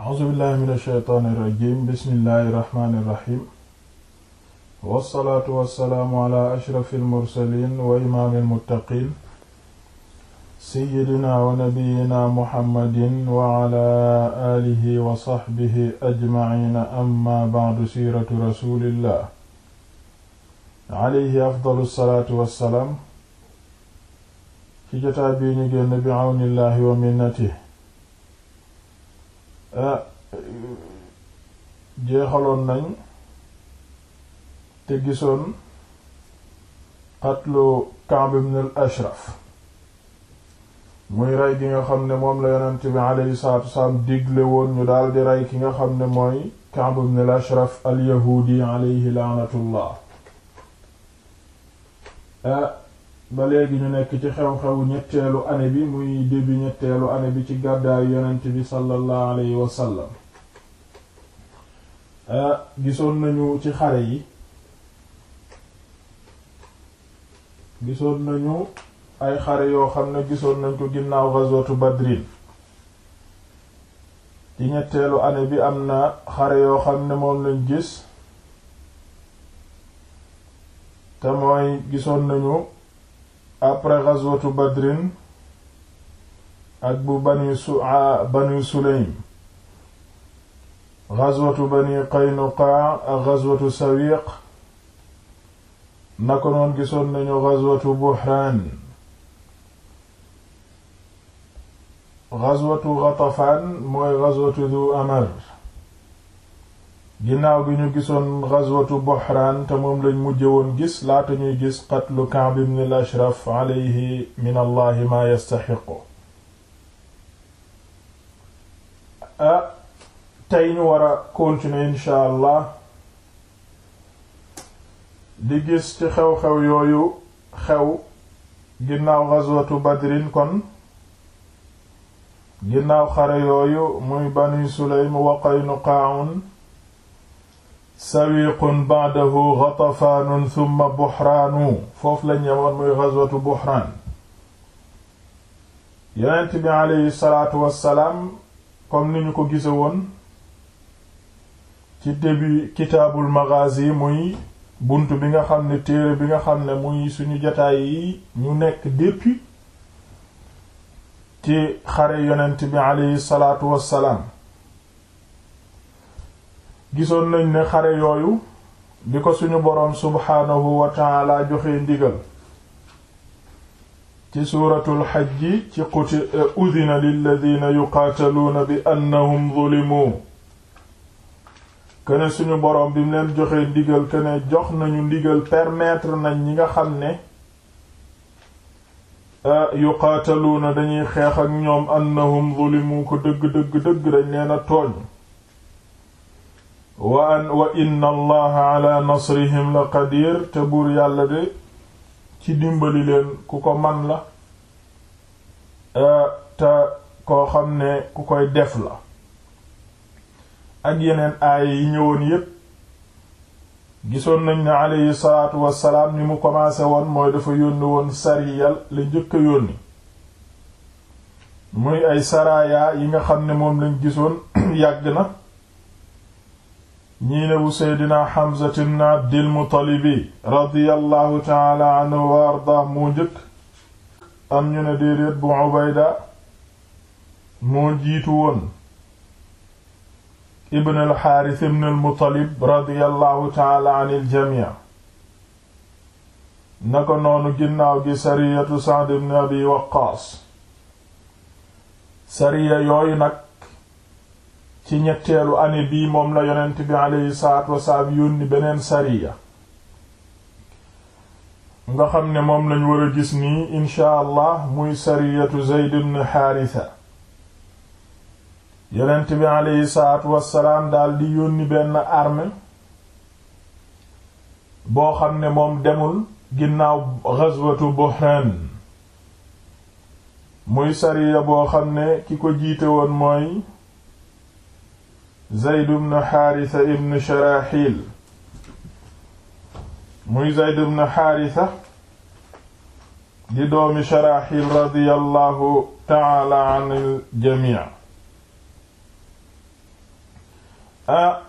a'uzubillahi min ashaytaani irrajim bismillahi irrahmaani irrahim wassalaatu wassalaamu ala ashrafi almursalin wa imaami almuttaqin seyidina wa nabiyina muhammadin wa ala alihi wa saxbihi ajmaciina amma bacdu siiratu rasulillah alayhi afdalu salaatu wassalaam ci jotaay bii ñu génn bi awnillahi wa minnatihi Ah, jeexaloon nañ te gisoon qatlu Ka'b ibn al-Ashraf muy rey gi nga xam ne moom la yonent bi alayhi salaatu wasalaam digle woon ñu daal di rey ki nga xam ne mooy Ka'b ibn al-Ashraf al-Yahudi alayhi ba léegi ñu nekk ci xew-xew ñetteelu année bi muy début ñetteelu année bi ci gàddaayu yonent bi sallallahu alayhi wa sallam ah, gisoon nañu ci xare yi gisoon nañu ay xare yoo xam ne gisoon nañ ko ginnaaw ghazwatu badrin ci ñetteelu année bi am na xare yoo xam ne moom lañ gis te mooy gisoon nañu après ghazwatu badrin ak bu bani su bani sulaym ghazwatu bani qaynuqa ak ghazwatu sawiq nako noon gisoon nañu ghazwatu buhraan ghazwatu ghatafaan mooy ghazwatu du amar ginnaaw gi ñu gisoon ghazwatu Buhraan te moom lañ mujje woon gis laata ñuy gis qatlu Ka'b ibn al-Ashraf alayhi min Allah ma yastaxiqu ah tey ñu war a continuer insha Allah di gis ci xew-xew yooyu xew ginnaaw ghazwatu Badrin kon ginnaaw xare yooyu muy Bani Sulaym wa Qaynuqaa'un sawiqun ba'dahu ghatafaanun thumma buhraanu foofu lañ yemoon muy ghazwatu buhraan yonent bi salaatu wassalaam comme ni ñu ko gise woon ci début kitaabul maghazi muy bunt bi nga xam ne téere bi nga xam ne muy suñu jataay yi ñu nekk depuis ci xare yonent bi aleyhi salaatu wassalaam gisoon nañ ne xare yooyu bi ko suñu boroom subhaanahu wa ta'ala joxe ndigal ci suuratul xajji ci quti eh, udina lilladina yuqaataluuna bi annahum zulimu kene suñu boroom bi mu leen joxee ndigal kene jox nañu ndigal permettre nañ ñi nga xam ne eh, yuqaataluuna dañuy xeex ak ñoom annahum zulimu ko dëgg dëgg dëgg dañ leen a tooñ wa an wa inna allaha ala nasrihim la qadir te buur yàlla de ci dimbali leen ku ko man la e, te koo xam ne ku koy def la ak yeneen aaya yi ñëwoon yépp gisoon nañ ne aleyhi salaatu wassalaam ni mu commencé woon mooy dafa yónni woon sariyal la njëkk a yónni muy ay saraya yi nga xam ne moom lañ gisoon yàgg na ñii ne bu seydina Hamza ibn Abdil Muttalibi radiyallahu taala anhu wa ardaa moo njëkk am ñu ne déedéet bu Ubayda moo jiitu woon ibn al Haaris ibn al Muttalib radiyallahu taala an il jamii naka noonu ginnaaw gi sariyatu Sa'd ibn Abi Waqqaas sariya yooyu nag ci ñetteelu année bii moom la yonent bi aleyhi salaatu wasalaam beneen sariya nga xam ne moom lañ war a gis nii inshaa allah muy sariyatu Zayd ibn Haarisa yonent bi aleyhi salaatu wasalaam daal di yónni benn armée boo xam ne moom demul ginnaaw ghazwatu Buhraan muy sariya boo xam ne ki ko jiite woon mooy Zayd ibn Haarisa ibn Sharaxil muy Zayd ibn Haarisa di doomi Sharaxil radiyallahu ta'ala anil jamii' ah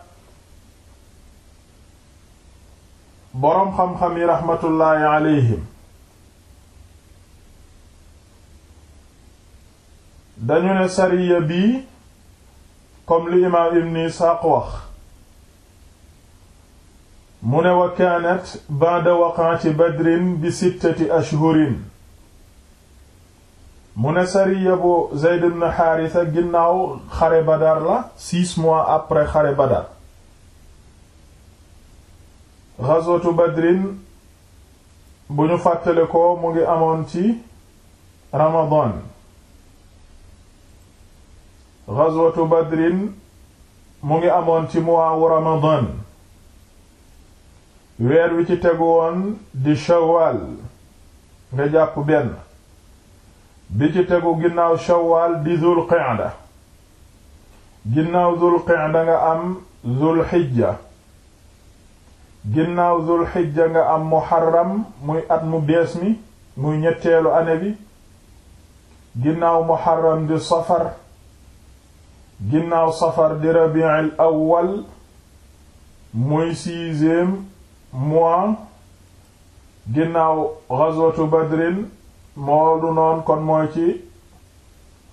boroom xam-xam yi raxmatullaahi alayhim dañu ne sariya bii comme li imaam ibn Isaaq wax mu ne wa kaanat ba'da waqa'ati badrin bi sittati ashhurin mu ne sariya bu Zayd Haarisa ginnaaw xare Badar la six mois après xare Badar ghazwatu Badrin bu ñu fàttale mu ngi amoon ci Ramadan ghazwatu badrin mu ngi amoon ci mois wu weer wi ci tegu woon di shawal nga jàpp benn bi ci tegu ginnaaw shawal di zul qa'da ginnaaw zul qa'da nga am zul xijja ginnaaw zul xijja nga am muharram muy at mu bees mi muy ñetteelu ane bi ginnaaw muharram di safar ginnaaw safar di rabi'il awwal muy sixième mois ginnaaw ghazwatu badrin moolu noon kon mooy ci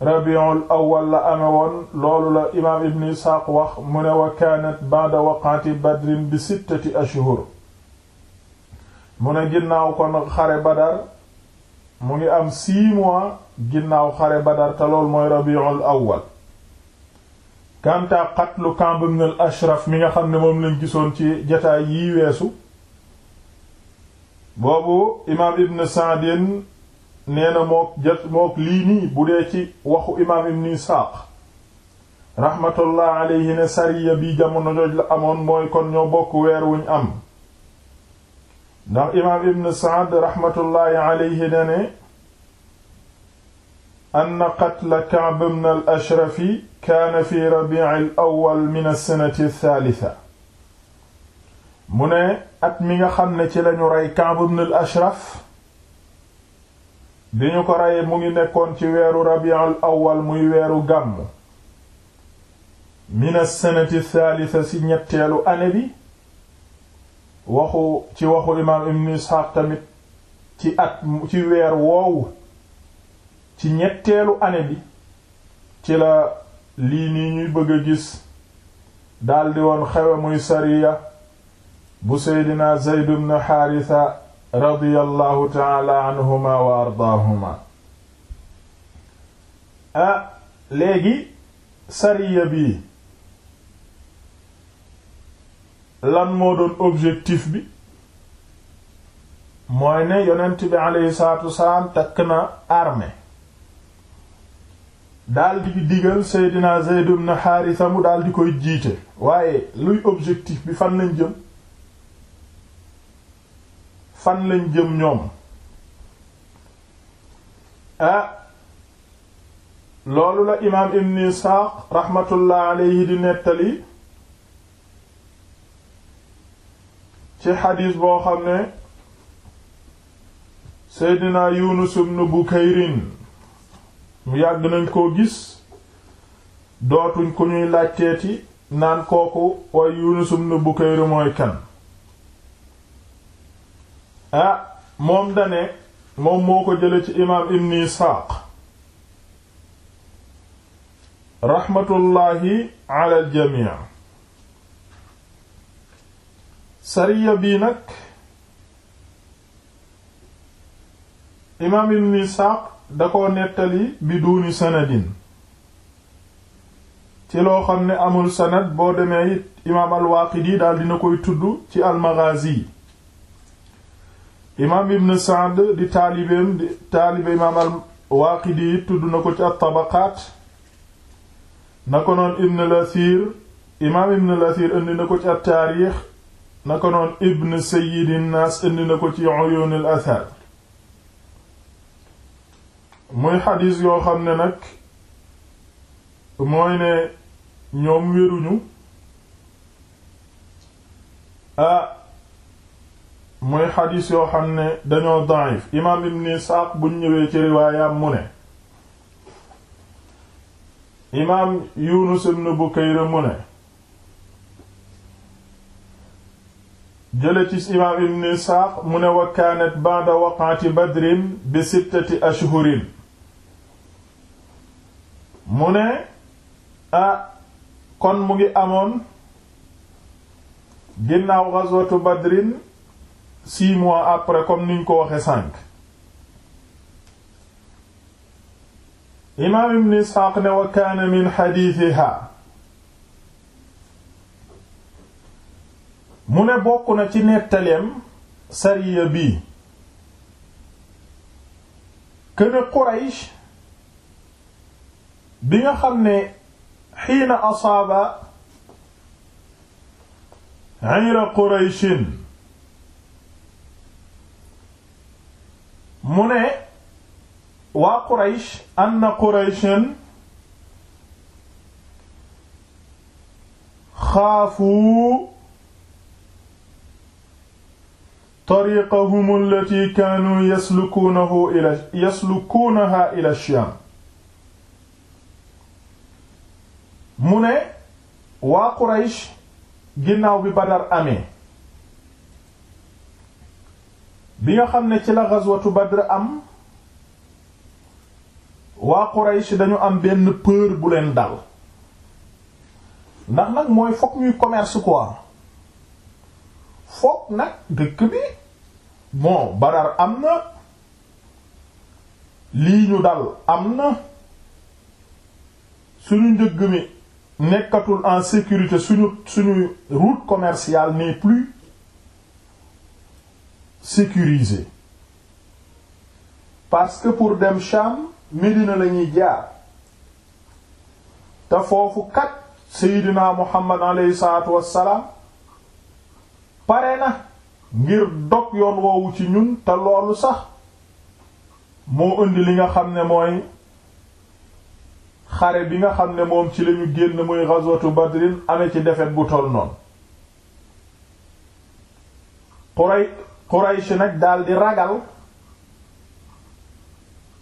rabi'ul awwal la ame loolu la imaam ibn isxaaq wax mu ne wa kaanat ba'da waqati badrin bi sittati ashhur mu ne ginnaaw kon xare badar mu ngi am six mois ginnaaw xare badar te loolu mooy rabi'ul awwal kanta qatlu Ka'b ibn ashraf mi nga xam ne moom lañ gisoon ci jataay yii weesu boobu imaam ibn Sa'din nee mook lii nii bu dee ci waxu imaam ibn Isaaq rahmatullah alayhi ne sariya bi jamono jooj la amoon mooy kon ñoo bokk weer wuñ am ndax imaam ibn Sa'd rahmatullahi alayhi ne ne anna qatla Ka'b ibn al-Ashraf kaana fi rabii al-awwal min as-sanati ath-thalitha mu ne at mi nga xam ne ci lañu ray Ka'b ibn al-Ashraf bi ñu ko reyee mu ngi nekkoon ci weeru rabii al-awwal muy weeru gàmm min as-sanati ath-thalitha ci ñetteelu année bi waxu ci waxu imaam ibn Isxaaq tamit ci at ci weer woowu ci ñetteelu année bi ci la lii nii ñuy bëgg gis daldi woon xewe muy sariya bu seydina Zayd ibn Haarisa radiyallahu taala anhuma wa ardaahuma léegi sariya bii lan moo doon objectif bi mooy ne yonent bi aleyhi salaatu wasalaam takk na armée daal di digal Seydina Zayd ibn Haarisa mu daal koy jiite waaye luy objectif bi fan lañ jëm fan lañ jëm ñoom ah loolu la imaam Ibn Isxaaq raxmatullah alayhi di nettali ci xadiis boo xam ne Seydina Yunus ibn Bukayrin mu yàgg nañ koo gis dootuñ ku ñuy laajteeti naan kooku way Yunus ibn Bukayr mooy kan ah moom dane moom moo ko jële ci imaam Ibn Isxaaq raxmatullaahi ala aljamii sariya bii nag imaam Ibn Isxaaq da ko nettali bi duuni sanadin ci loo xam ne amul sanad boo demee it imaam al-Waaqidi daal dina koy tudd ci al-Maghaazi imaam ibn Sa'd di taalibeem di taalibe imaam al-Waaqidi tudd na ko ci at na ko noon ibn Lathiir indi na ko ci at-Taariix ko noon muy xadis yoo xam ne nag mooy ne ñoom wéruñu ah muy xadis yoo xam ne dañoo daif imaam ibn Isaaq buñ ñëwee ci riwaayam mu ne imaam Yunus ibn Bukayr mu ne jële ci imaam ibn Isaaq mu ne wa kaanat ba'da waqaati badrin bi sittati ashhurin mu ne ah kon mu ngi amoon ginnaaw ghazwatu badrin six mois après comme niñ ko waxe sànq imaam ibn isxaaq ne wa kaana min xadiisiha mu ne bokk na ci nettaleem sariya bi këne quraysh bi nga xam ne xiina asaaba ayra qurayshin mu ne waa quraysh anna qurayshin xaafu tariqahum allati kaanu yaslukuunahu ila yaslukuunaha ila sham mu ne waa Quraysh ginnaaw bi Badar amee bi nga xam ne ci la ghazwatu Badr am waa Quraysh dañu am benn peur bu leen dal ndax nag mooy fokk ñuy commerce quoi fokk nag dëkk bi bon Badar am na lii ñu dal am na suñu njëgg mi nekkatul en sécurité suñu suñu route commerciale n'est plus sécurisée parce que pour dem Sham Médina la ñuy jaar te foofu kat Seydina Muhammad aleyhi salaatu wassalaam pare na ngir dog yoon woowu ci ñun te loolu sax moo indi li nga xam ne mooy xare bi nga xam ne moom ci lañu génn muy ghazwatu badrin ame ci defet bu toll noonu quray quraysh nag daldi ragal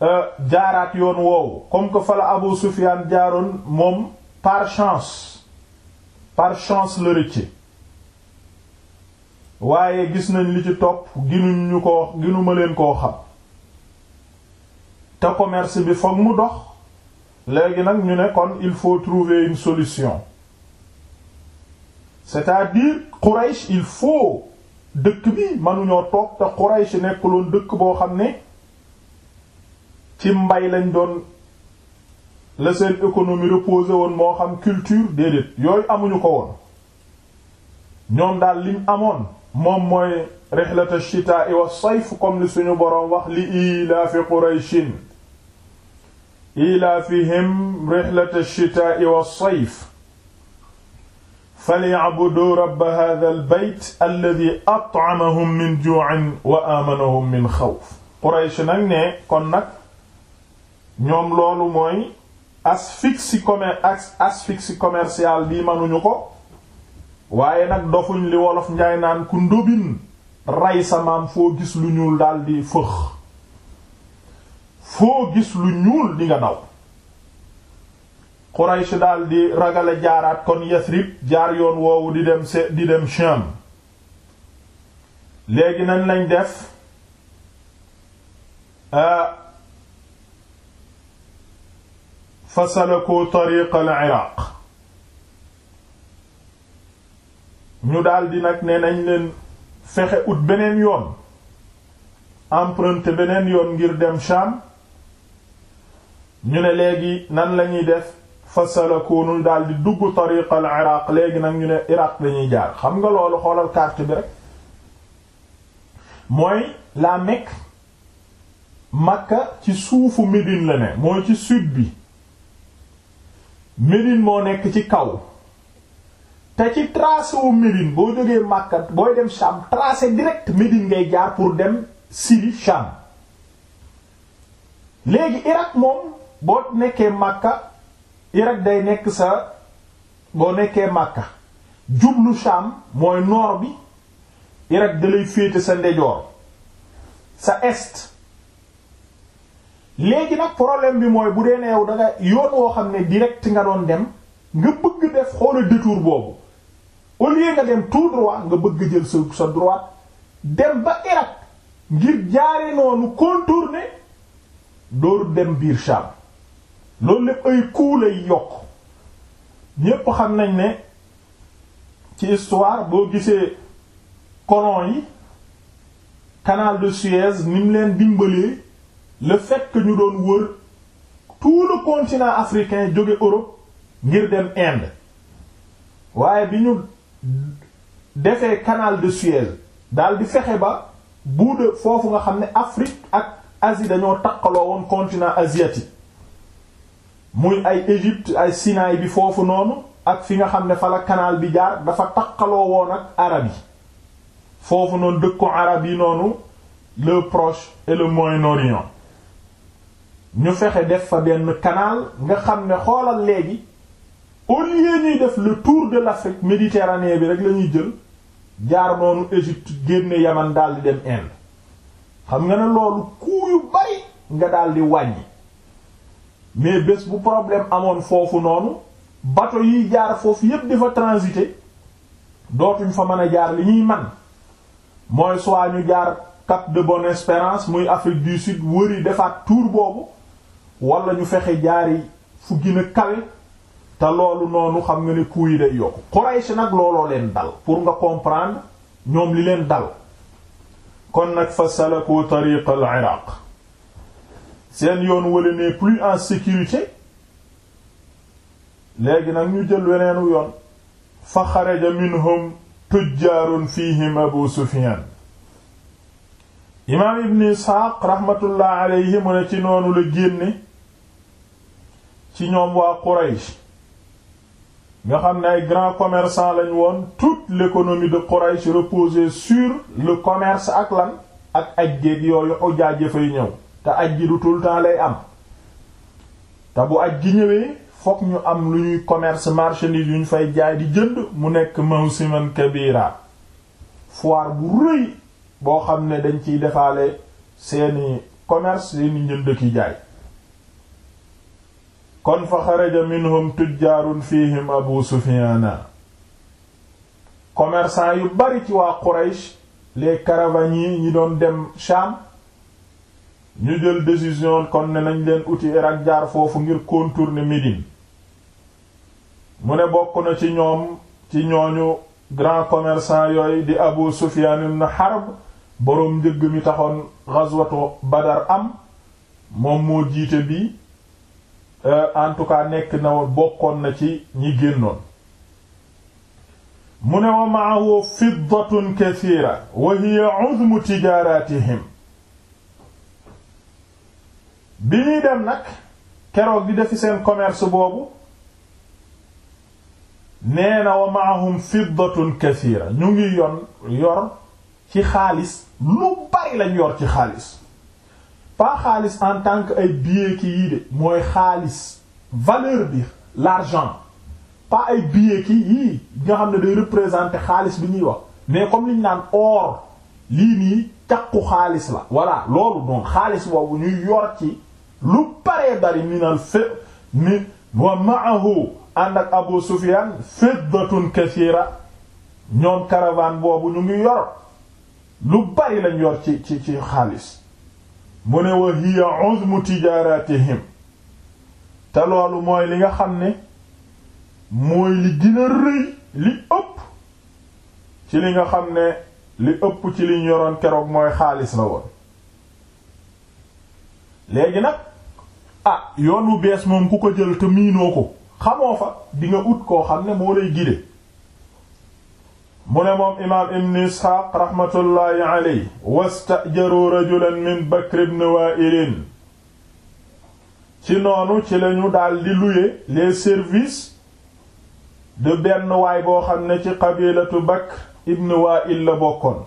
euh, jaaraat yoon woowu comme que fala abu sufyan jaaroon moom par chance par chance la rëcce waaye gis nañ li ci topp ginu ñu ginuma leen koo xam te commerce bi foog mu dox léegi nag ñu ne kon il faut trouver une solution c'est-à-dire Quraysh il faut dëkk bi mënuñoo toog te Quraysh nekkuloon dëkk boo xam ne ci mbay lañ doon la seen économie reposé woon moo xam culture déedéet yooyu amuñu ko woon ñoom daal liñ amoon moom mooy rihlata shitaa'i wa sayf comme li suñu boroom wax li ilaafi Qurayshin ilaafihim rixlata alchitaai walsayf falyacbuduu rabba hada albeyt alladi atcamahum min juucin wa aamanahum min xawf quraysh nag ne kon nag ñoom loolu mooy asphyxie commer asphyxie commerciale bi mënuñu ko waaye nag dofuñ li wolof njaay naan ku ndóbin rey sa maam foo gis lu ñuul daldi fëx foo gis lu ñuul di nga daw Quraysh daal di ragale jaaraat kon Yasrib jaar yoon woowu di dem se di dem Sham léegi nan lañ def euh, fasalaku tariqa al iraq ñu daldi nag ne nañ leen fexe ut beneen yoon emprunter beneen yoon ngir dem Sham ñu ne léegi nan lañuy def fasalakoonul daal di dugg tariqal iraq léegi nag ñu ne iraq lañuy jaar xam nga loolu xoolal carte bi rek mooy la Mecque Makka ci suufu Médine la ne mooy ci sud bi Médine moo nekk ci kaw te ci tracé wu Médine boo jógee Makka booy dem Sham tracé direct Médine ngay jaar pour dem Syrie Sham léegi Irak moom boo nekkee Makka Irak day nekk sa boo nekkee Makka jublu cham mooy noor bi Irak dalay féete sa ndejoor sa est léegi nag problème bi mooy bu dee neew yow da nga yoon woo xam ne direct nga doon dem nga bëgg def xoola détour boobu au lieu nga dem tout droit nga bëgg jël sa sa droite dem ba Irak ngir jaare noonu contourner dooru dem biir Sham loolu lépp ay coup lay yokk ñépp xam nañ ne ci histoire boo gisee coron yi canal de Suez ni leen dimbalee le fekk ñu doon wër tout le continent africain jóge Europe ngir dem Inde waaye bi ñu defee canal de Suez daal di fexe ba bout foofu nga xam ne Afrique ak Asie dañoo takkaloo woon continent asiatique muy ay Égypte ay Sinaay bi foofu noonu ak fi nga xam ne fa la canal bi jaar dafa taqaloo woon ak arab yi foofu noonu dëkku arab yi noonu le Proche et le Moyen-Orient ñu fexe def fa benn kanaal nga xam ne xoolal léegi au lieu ñuy def le tour de l'Afrique méditerranée bi rek la ñuy jël jaar noonu Égypte génne Yaman daldi dem Inde xam nga ne loolu coût yu bari nga daldi wàññi mais bés bu problème amoon foofu noonu bato yiy jaar foofu yépp di fa transiter dootuñ fa mën a jaar li ñuy man mooy soit ñu jaar Cap de Bonne Espérance muy Afrique du Sud wëri defaat tour boobu wala ñu fexe jaari fu gën a te loolu noonu xam nga ne coût yi day yokk Quraysh nag looloo leen dal pour nga comprendre ñoom li leen dal kon nag fa salaku tariqal Iraq seen yoon wala ne plus en sécurité léegi nag ñu jël weneenu yoon fa xaraja minhum tujjaarun fihim abu sufyan imaam ibn isxaaq rahmatullah alayhi mu ne ci noonu la génne ci ñoom waa quraysh nga xam ne ay grand commerçants lañ woon toute l'économie de quraysh reposait sur le commerce ak lan ak aj géeg yooyu ujaaj fay ñëw te aj ji du tout le temps lay am te bu aj gi ñëwee fokk ñu am lu ñuy commerce marchandise yu ñu fay jaay di jënd mu nekk mawsiman kabira foire bu rëy boo xam ne dañ ciy defaale seeni commerce seeni njënd jaay kon fa xaraja minhum tujjaarun fihim abu sufiana commerçant yu bari ci waa Quraysh les caravaniers ñi doon dem Sham ñu jël décision kon ne nañ leen uti Irak jaar foofu ngir contourner Médine mu ne bokk na ci ñoom ci ñooñu grand commerçant yooyu di Abu Sufyan ibn Harb boroom njëgg mi taxoon ghazwatu Badar am moom moo jiite bi euh, en tout cas nekk na bokkoon na ci ñi génnoon mu ne wa ma'ahu fiddatun kathira wa hiya 'uzmu tijaratihim bi ñuy dem nag keroog di defi seen commerce boobu nee na wa maahum fiddatun kathira ñu ngi yon yor ci xaalis lu bari lañ yor ci xaalis pas xaalis en tant ay billets ki yii de mooy xaalis valeur bi l'argent pas ay billets ki yii nga xam ne day représenter xaalis bi ñuy wax mais comme liñ naan or lii nii caqu xaalis la voilà loolu noonu xaalis boobu ñuy yor ci lu paree bari minal fi mi wa maahu ànd ak Abu Sufyan fiddatun kasiira ñoom caravane boobu ñu ngi yor lu bari lañ yor ci ci ci xaalis mu ne wa hiya uzmu tijaratihim te loolu mooy li nga xam ne mooy li gën a rëy li ëpp ci li nga xam ne li ëpp ci liñ yoroon keroog mooy xaalis la woon léegi nag ah yoon wu bees moom ku ko jël te miinoo ko xamoo fa di nga ut koo xam ne moo lay gide mu ne moom imaam ibn isxaaq raxmatullaahi aley wastajaru rajulan min bakr ibn waa'il ci noonu ci lañu daal di louer les services de benn waay boo xam ne ci qabilatu bakr ibn waa'il la bokkoon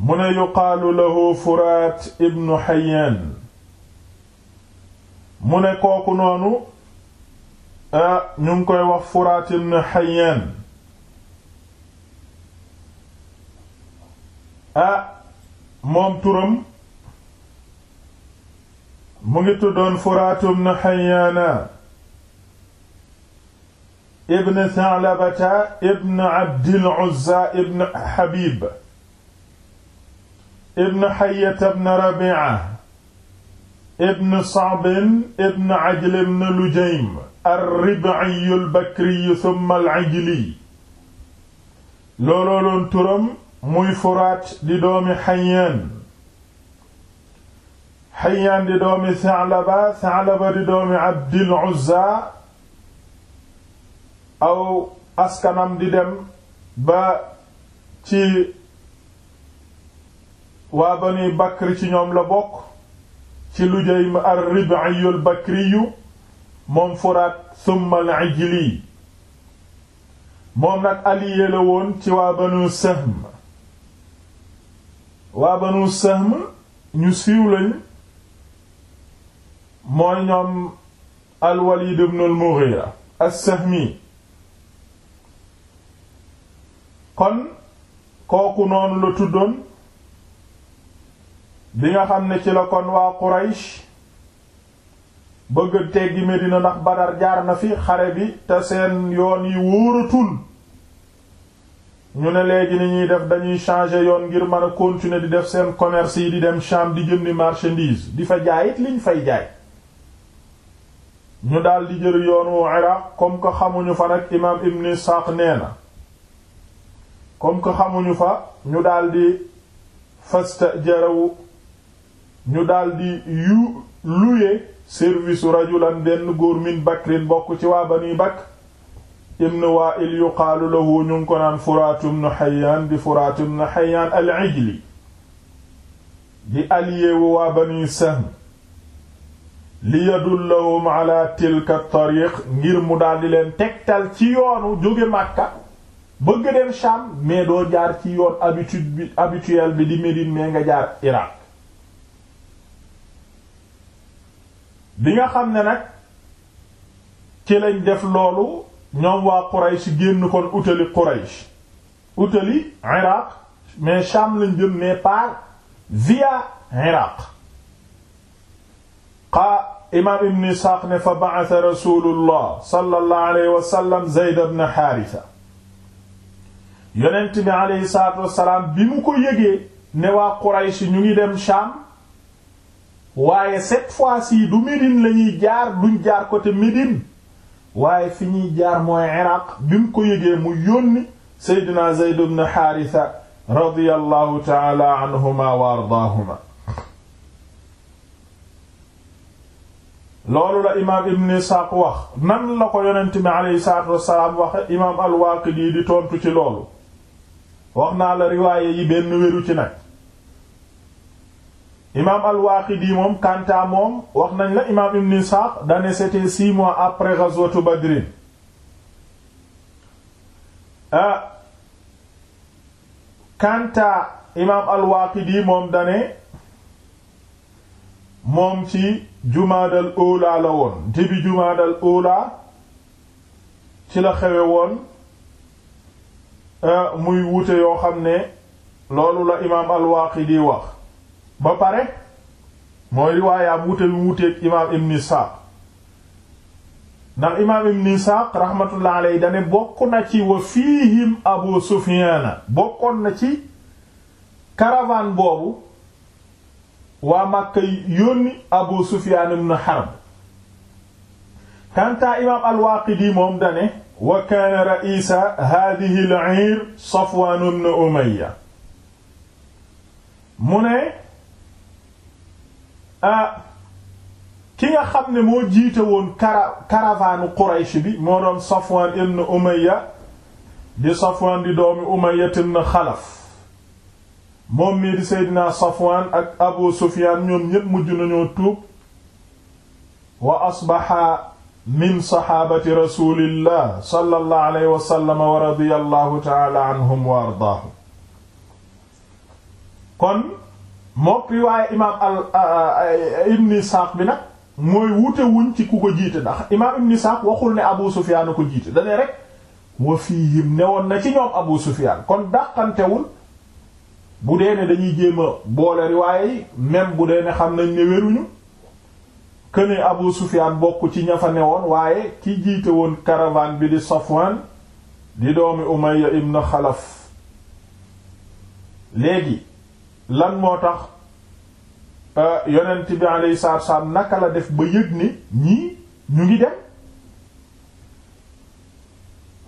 mu ne yuqaalu lahu furaat ibn xayaan mu ne kooku noonu ñu ngi koy wax Furaat ibn Hayyan ah moom turam mu ngi tuddoon Furaat ibn Hayyan ibn Sa'labata ibn Abdil Uzza ibn Habib ibn Hayyata ibn Rabi'a ibn Sa'b ibn Ajl ibn Lujaym ar-Rib'i al-Bakri thumma al-Ajli looloo turam muy Furaat di doomi Hayyaan di doomi Sa'laba Sa'laba di doomi Abdil Uzza aw askanam di dem ba ci waa Bani Bakr ci ñoom la bokk ci Lujaym ar-Rib'i al-Bakri moom Furaat thumma al-Ijli moom nag allié la woon ci waa Banu Sahm waa Banu Sahm ñu siiw lañ mooy ñoom al-Walid ibn al-Mughira as-Sahmi kon kooku noon la tuddoon bi nga xam ne ci la kon waa Quraysh bëgg teggi Medina ndax Badar jaar na fi xare bi te seen yoon yi wóoratul ñu ne léegi ni ñuy def dañuy changer yoon ngir mën a continuer di def seen commerce yi di dem Sham di jëndi marchandise di fa jaayit liñ fay jaay ñu daal di jël yoon wu Iraq comme que xamuñu fa nag imaam Ibn Isxaaq nee na comme que xamuñu fa ñu daal di fasta jarawu ñu daldi yu luye service rajulan benn góor min bakrin bokk ci waa bani bakr ibn wa'il yuqaalu lahu ñu ngi ko naan furaatum nu xayaan di furaatum nu xayaan al-ijli di aliyewu waa bani sahm li yadullahum ala tilka tariq ngir mu daldi leen tegtal ci yoonu jóge Makka bëgg dem Sham mais doo jaar ci yoon habitude bi habituel bi di Médine mais nga jaar Irak bi nga xam ne nag ci lañ def loolu ñoom waa Quraysh génn kon utali Quraysh utali Iraq mais Sham lañ jëm mais via Iraq imaam ibn Isxaaq ne fa ba'atha Rasuulullah sallallahu alayhi wa sallam Zayd ibn Haarisa yonent bi alayhi salaatu wa bi mu ko yëgee ne waa Quraysh ñu ngi dem Sham waaye cette fois-ci du Médine la ñuy jaar duñ jaar côté Médine waaye fi ñuy jaar mooy Iraq bi mu ko yëgee mu yónni Seydina Zayd ibn Haritha radiyallahu ta'ala anhuma wa ardaahuma loolu la imaam ibn Isaaq wax nan la ko yonent bi imaam al di tontu ci loolu wax naa la riwaaye yi benn wéru ci imaam al-Waaqidi moom Kanta moom wax nañ la imaam Ibn dane c'était six mois après ghazwatu Badr ah Kanta imaam al-Waaqidi moom dane moom ci jumaadal oolaa la woon début jumaadal oolaa ci la xewe woon ah, muy wute yoo xam ne loolu la imaam al-Waaqidi wax ba pare mooy riwaayaam wute yu wuteeg imaam ibn Isaaq ndax imaam ibn Isaaq rahmatullah alayhi dane bokk na ci wa fiihim Abu Sufyaana bokkoon na ci caravane boobu waa Makka yónni Abu Sufyaan ibn Harb kantaa imaam al moom dane wa kaana ra'iisa haadihi al-'iir Safwaan ibn Umayya mu ne Ah, ki nga xam ne moo jiite woon kara caravane bi moo doon Safwan ibn Umayya di Safwan di doomi Umayya ibn Xalaf moom mii di Seydina Safwan ak Abu Sufyan ñoom ñépp mujj nañoo tuub wa asbaha min saxaabati rasulillah sallallahu alayhi wa sallam wa radiyallahu ta'ala anhum wa ardaahum mook riwaaye imaam al ibn Isaaq bi nag mooy wute wuñ ci ku ko jiite ndax imaam ni Isaaq waxul ne Abu Sufyaan ko jiite dane rek wa fiihim newoon na ci ñoom Abu Sufyaan kon dàqantewul bu dee ne dañuy jéem a boole riwaaye yi même bu dee ne xam nañ ne wéruñu këne Abu Sufyaan bokk ci ña fa newoon waaye ki jiite woon caravane bi di Safwaan di doomi Umayya ibn Xalaf léegi lan moo tax euh, yonent bi alayhi salaatu wassalaam naka la def ba yëg ni ñii ñu ngi dem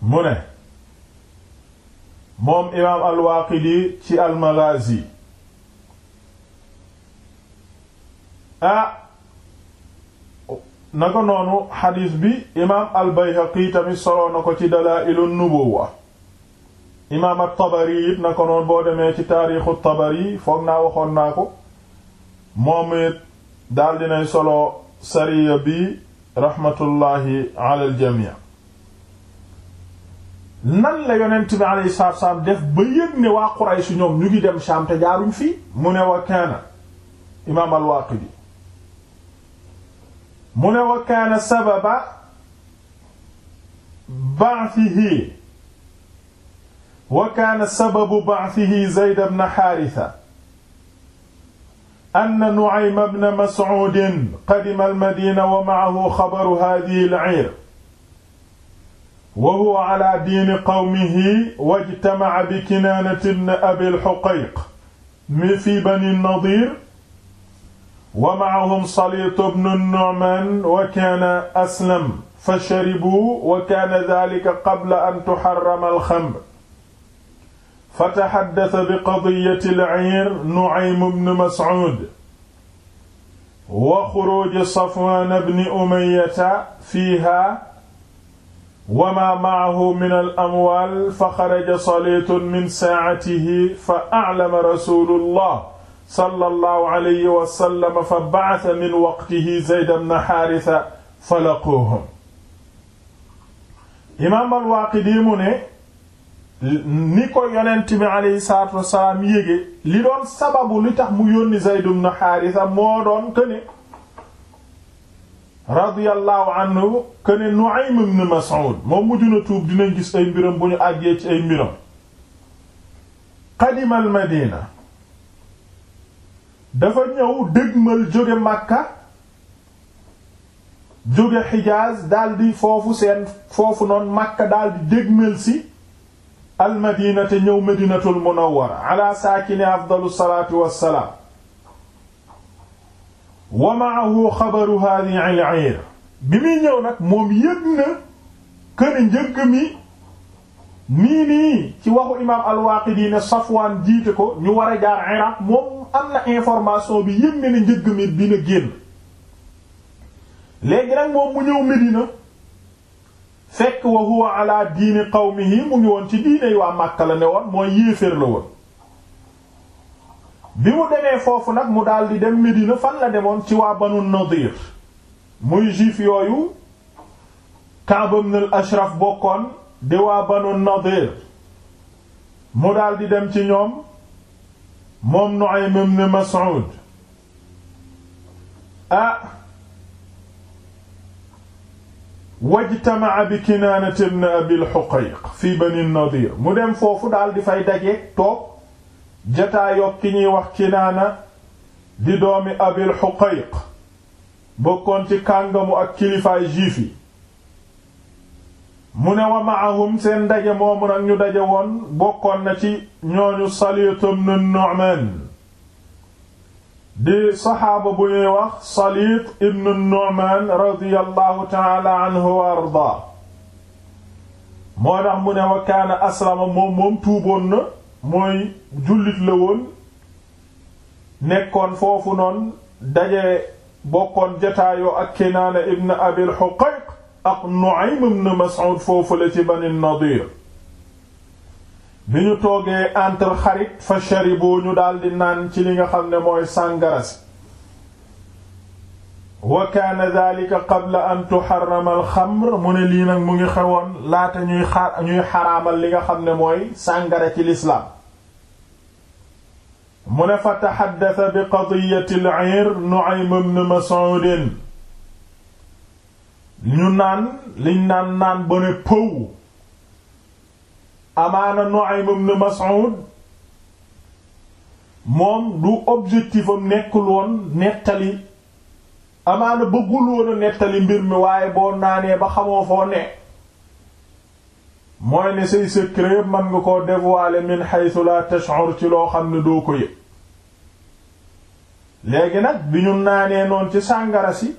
mu ne moom imaam al ci al-Maghaazi na naka noonu xadiis bi imaam al-Bayhaqi tamit soloo na ko ci Dalaa'ilun Nubuwwa imaam at-Tabari it na ko noonu boo demee ci taarixu Tabari foog naa waxoon naa ko moom it daal dinay solo sariya bi rahmatullahi ala al-jamii nan la yonent bi alayhi salaatu wa salaam def ba yëg ne waa Quraysh ñoom ñu ngi dem Sham te jaaruñ fii mu ne wa kaana imaam al-Waaqidi mu ne wa kaana sababa ba'thihi wa kaana sababu ba'thihi Zayd ibn Haarisa anna Nu'aym ibn Mas'uud qadima al-Madiina wa ma'ahu xabaru haadhihi al-'ayr wa huwa 'alaa diini qawmihi wajtama'a bi Kinaana ibn Abil Huqayq mi fi Bani Nadiir wa ma'ahum Saliit ibn Nu'maan wa kaana aslam fasharibuu wa kaana dhaalika qabla an tuharrama al-khamr fa taxaddasa bi qadiyati al-ciir Nucaym ibn Mascuud wa xuruuji Safwaan ibni Umayyata fiihaa wa maa macahu min al-amwaal fa xaraja saliitun min saacatihi fa aclama rasuulullaah sallallahu alayhi wa sallam fa bacasa min waqtihi Zayd ibn Haarisa fa laquuhum. Imaam al-Waaqidi mu ne. ni ko yonent bi alayhi salaatu wassalaam yége li doon sababu li tax mu yónni Zayd ibn Haarisa moo doon këne radiyallahu anhu këne Nu'aym ibn Mas'ud moom mujj na tuub dinañ gis ay mbiram bu ñu àggee ci ay mbiram qadimal Madina dafa ñëw dégmal jóge Makka jóge Hijaaz daldi foofu seen foofu noonu Makka daldi dégmal si almadina te ñëw madinatul munawwara ala saakini afdalu salaatu wa maahu xabaru hadihi al bi muy ñëw nag moom yëg na këni njëgg mi nii ci waxu imaam al Safwaan jiite ko ñu war a jaar Iraq moom am na information bi yëg njëgg mi dina génn léegi nag moom mu ñëw Medina fekk wa huwa ala diini qawmihi mu ngi woon ci diine waa Makka la ne woon mooy yéeféer la woon bi mu demee foofu nag mu daal di dem Medina fan la demoon ci waa Banu Nadir muy juif yooyu Ka'b ibn al-Ashraf bokkoon di waa Banu Nadir mu daal dem ci ñoom moom Nu'aym ibn Mas'ud ah wajtamaa bi Kinaanata ibn Abil Huqayq fii Bani Nadiir mu dem foofu daal di fay daje toog jataayoo ki ñuy wax Kinaana di doomi Abil Huqayq bokkoon ci kàngamu ak kilifaay juif mu ne wa ma'ahum seen daje moomu nag ñu daje woon bokkoon na ci ñooñu Saliit ibn Nu'maan di saxaaba bu ñuy wax Saliit ibnu Nu'maan radiyallahu taala anhu wa ardaa moo tax mu ne wa kaana aslama moom moom tuuboon na mooy jullit la woon nekkoon foofu noonu daje bokkoon jataayoo ak Kinaana ibn Abil Huqayq ak Nu'aym ibn Mas'ud foofu la ci Bani Nadiir bi ñu toogee entre xarit fa sharibu ñu daldi naan ci li nga xam ne mooy sàngara si wa kaana daalika qabla an tuharrama al-xamr mu ne lii nag mu ngi xewoon laata ñuy xaar li nga xam ne mooy sàngara ci lislaam mu ne fa taxaddasa bi qadiyati al-ayr Nu'aym ibn Mas'ud ñu naan liñ naan naan ba pëw amaana Nu'aym ibn Mas'ud moom du objectif nekkul woon nettali amaana bëggul woon a nettali mbir mi waaye boo naanee ba xamoo foo ne mooy ne say secret yépp mën nga koo dévoiler min haythu la tash'ur ci loo xam ne doo ko yëg léegi nag bi ñu naanee noonu ci sàngara si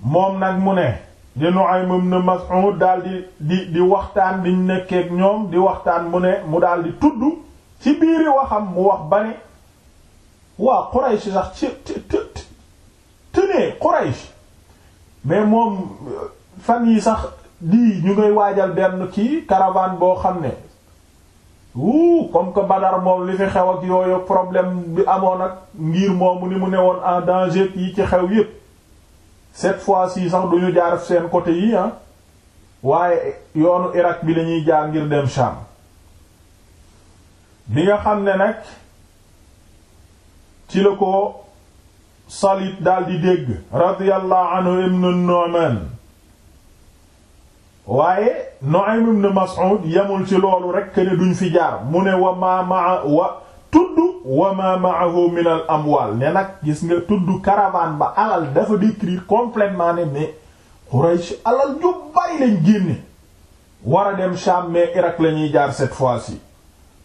moom nag mu ne di Nu'aym ibn Mas'ud daal di di di waxtaan biñ nekkeek ñoom di waxtaan mu ne mu daal di tudd ci biiri waxam mu wax ba ne waa Quraysh sax ci tenez Quraysh mais moom fan yi sax di ñu ngay waajal benn kii caravane boo xam ne wuu comme que Badar moom li fi xew ak yooyu problème bi amoon ak ngir moomu ni mu newoon en danger yi ci xew yépp cette fois-ci sax duñu jaar seen côté yi ah waaye yoonu Irak bi lañuy jaar ngir dem Sham bi nga xam ne nag ci la ko Salit daldi dégg radiyallahu anhu ibn Nu'man waaye Nu'aym ibn Mas'ud yamul ci loolu rekk ne duñ fi jaar mu ne wa ma maa wa tudd wa ma ma'ahu min al ne nag gis nga tudd caravane ba alal dafa décrire complètement ne mais Quraysh alal ju yi lañ génne war a dem Sham mais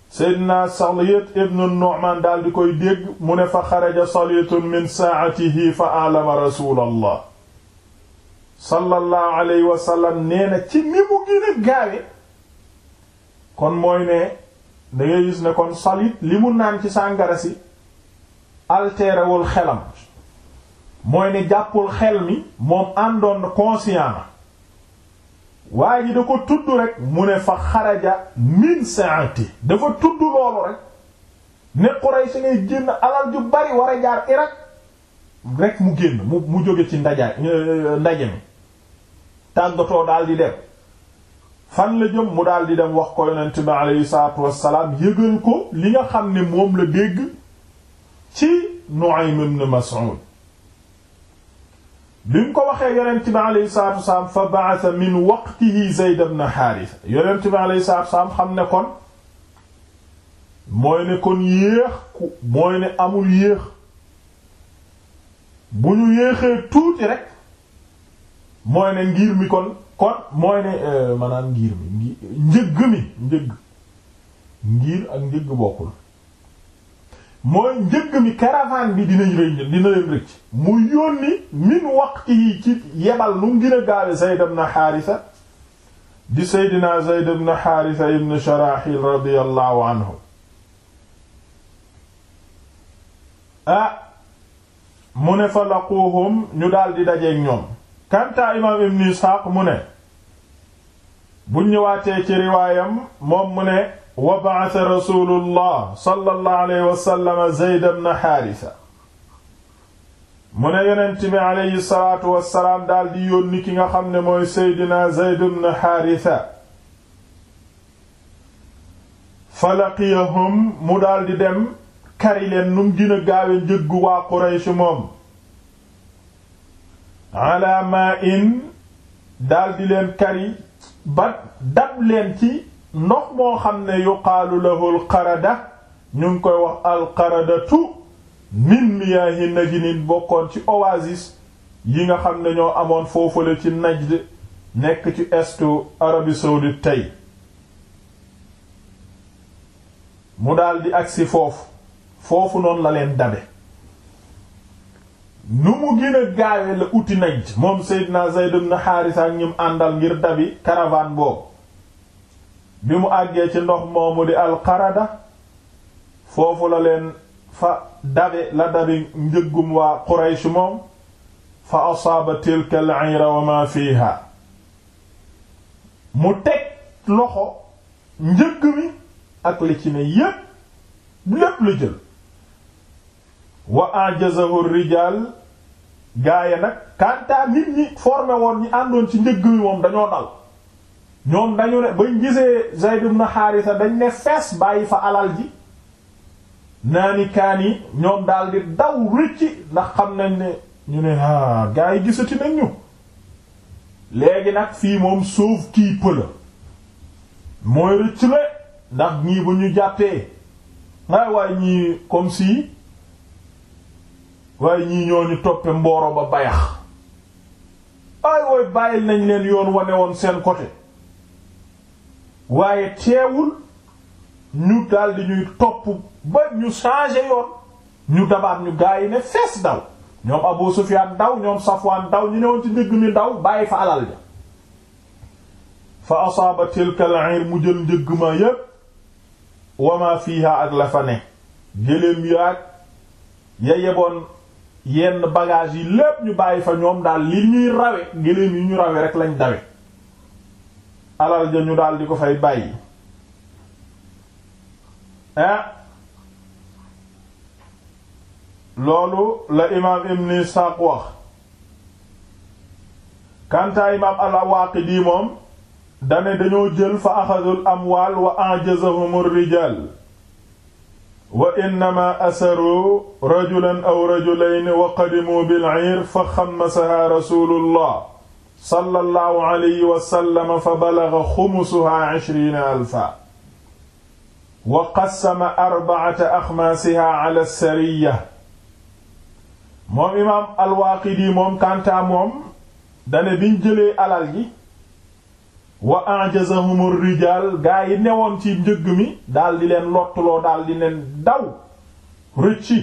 Saliyat ibn Nu'man daal di koy dégg mu ne fa xaraja saliyatun min sa'atihi fa a'lama rasulallah sallallahu alayhi wa nee na ci ni mu gën a gaawe kon mooy ne da ngay gis ne kon salit li mu naan ci sàngara si altéerewul xelam mooy ne jàppul xel mi moom àndoon conscient na waaye ji da ko tudd rek mu ne fa xaraja min saati dafa tudd loolu rek ne Quraysh ngay génn alal ju bari war a jaar Irak rek mu génn mu jóge ci ndajaay euh, ndaje mi tàggatoo daal di dem fan la jëm mu daal di dem wax ko yonent bi aleyhi salaatu wassalaam yëgal ko li nga xam ni moom la dégg ci Nu'aym ibn Mas'ud bi mu ko waxee yonent bi aleyhi salaatu wassalaam fa ba'atha min waqtihi Zayd ibn Haarisa yonent bi aleyhi salaatu xam ne kon mooy ne kon yéex mooy ne amul yéex bu ñu yéexee tuuti rek mooy ne ngir mi kon kon mooy ne euh, maanaam ngir mi njëgg mi njëgg ngir ak njëgg bokkul mooy njëgg mi caravane bi dinañ rëñ dina leen rëcc mu yónni min waqti yi ci yebal nu ngir gaawe Zayd ibn Haarisa di Seydina Zayd ibn Haarisa ibn Sharaxil radiyallahu anhu ah, mu ne fa ñu daal di dajeeg ñoom kantaa imaam ibn Isxaaq mu ne bu ñëwaatee ci riwaayam moom mu ne wa ba'atha rasuulullah sallallahu alayhi wa sallam Zayd ibn mu ne yonent bi alayhi salaatu wassalaam daal di yónni ki nga xam ne mooy Seydina Zayd ibn Haarisa falaqiyahum mu daal dem kari leen num gën gaawe njëggu waa Quraysh moom ala ma daldi daal di leen kari ba dab leen ci ndox moo xam ne yuqaalu lahu alqarada ñu ngi koy wax tu alqaradatu min miyaahi najinin bokkoon ci oasis yi nga xam ne ñoo amoon foofale ci Najd nekk ci estu Arabie saoudite tey mu daldi agsi foofu foofu noonu la leen dabe nu mu gën a gaawe la uti Najd moom Seydina Zayd ibn Haarisa ak ñim àndal ngir dabi caravane boobu bi mu àggee ci ndox moomu di alqarada foofu la leen fa dabe la dabi njëggum waa Quraysh moom fa asaaba tilka al-ayra wa ma mu teg loxo njëgg mi ak li ci ne yépp lépp la jël wa ajazahu rijal yi nag kantaa nit ñi formé woon ñi àndoon ci njëgg wi moom dañoo dal ñoom dañu ne bañ gisee Zayd ibn Haarisa dañ ne fees bàyyi fa alal ji naani kaani ñoom daal di daw rëcci ndax xam nañ ne ñu ne gaa yi gisati nañ ñu léegi nag fii moom sauve qui peut la mooy rëcc la ndax ñii bu ñu jàppee ngay waay ñii comme si waaye ñii ñooñu toppe mbooro ba bayax ay wooy bàyyil nañ leen yoon wane woon seen côté waaye teewul ñu daldi ñuy topp ba ñu changer yoon ñu dabaat ñu gaa yi ne fees daw ñoom Abu Sufyaan daw ñoom Safwaan daw ñu newoon ci dëgg ni daw bàyyi fa alal ja fa asaaba tilka al mu jël njëgg ma yépp wa ma ak la fa ne géléem yaag ya yeboon yenn bagage yi lépp ñu bàyyi fa ñoom daal li ñuy rawe gëléem yi ñu rawe rek lañ dawe alal ja ñu daal di ko fay bàyyi ah loolu la imaam ibn Isaaq wax kantaa imaam al-Waaqidi moom dane dañoo jël fa axadul amwaal wa ajazahum ar-rijaal wa innama asaru rajulan aw rajulayn wa qadimuu bilciir fa xammasahaa rasulullah sallallahu alayhi wa sallam fa balaga xumusuhaa ishriina alfa wa qassama arbacata axmaasihaa ala sariya moom imaam alwaaqidi moom kantaa moom dane biñ jëlee alal ji wa a'jazahum ar-rijal gaa yi newoon ci njëg mi daal di leen lottuloo daal di leen daw rëcci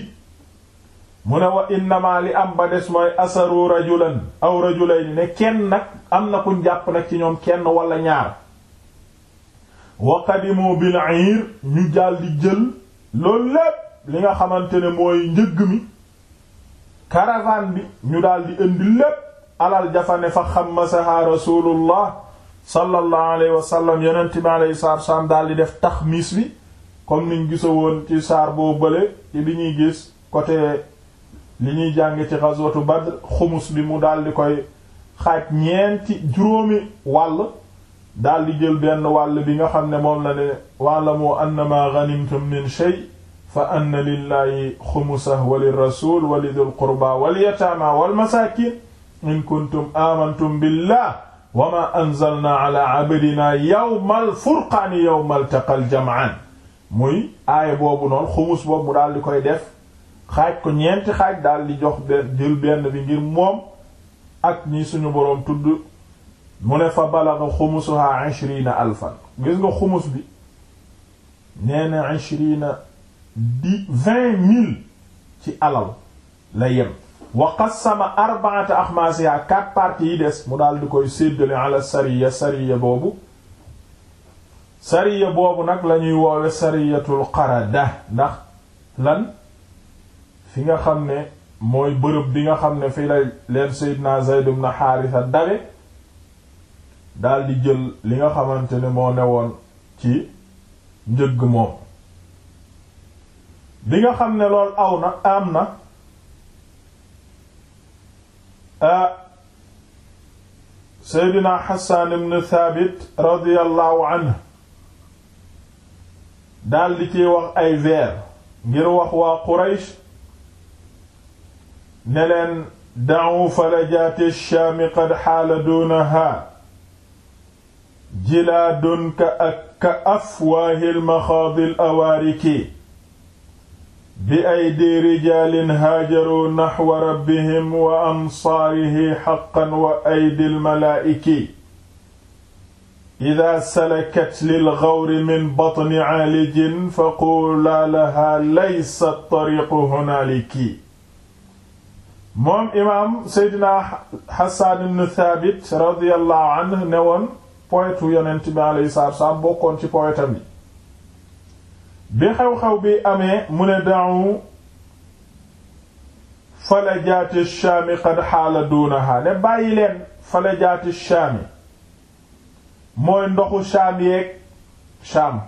mu ne wa innama li am ba des mooy asaru rajulan aw rajulayn ne kenn nag am na kuñ jàpp nag ci ñoom kenn walla ñaar wa qadimu bil ñu daal jël loolu lépp li nga xamante ne mooy njëgg mi caravane bi ñu daldi di indi lépp alal jafane fa xammasaha rasulullah sallallahu alayhi wa sallam yonent bi alayhi salaatu salaam daal di def taxmiis bi comme niñ gisa woon ci saar boo bële li bi ñuy gis côté li ñuy jàng ci ghazwatu Badr xumus bi mu daal di koy xaaj ñeenti juróomi wàll daal di jël benn wàll bi nga xam ne moom na ne wa'lamu annama ghanimtum min shay fa anna lillahi xumusahu wa lirrasul wa lidil qurba wal wa wal masaakin in kuntum amantum billah wa ma anzalna ala abdina yawmal furqaani yawmal taqal jam'aan muy aaya boobu noonu xumus boobu mu daal di koy def xaaj ko ñeenti xaaj daal di jox benn jël benn bi ngir moom ak ñi suñu boroom tudd mu ne fa balaga xumusuha ishrina alfan gis nga xumus bi nee na ishrina di vingt mille ci alal la yem wa qassama arba'ata axmaasiha quatre parties yi des mu daal di koy séddale ala sariya sariya boobu sariya boobu nag lañuy ñuy woowe sariyatul qarada ndax lan fi nga xam ne mooy bërëb bi nga xam ne fi la leen Seydina Zayd ibn Haarisa dawe daal di jël li nga xamante ne moo woon ci njëgg moom bi nga xam ne lool aw na am na Ah, seydina xasaan ibn thabit radiallahu anhu daldi ciy wax ay veer ngir wax waa quraysh ne leen da'u falajaati shaami qad xaala duunaha jilaadun ka ak ka afwaahil maxaadil awaariki bi aydi rijaalin haajaru naxwa rabbihim wa ansaarihi xaqan wa aydi almalaa'iki idaa salakat lilgawri min batni caalijin faquulaa lahaa laysa ttariiqu hunaaliki moom imaam seydina xasaan ibn thaabit radiyallahu anhu ne woon poètu yonent bi alayhi salaatu wa salaam bokkoon ci poètam yi bi xew-xew bi amee mu ne daawu falajaati shaami qad xaala duunaha ne bàyyi leen falajaati shaami mooy ndoxu shaam yeeg shaam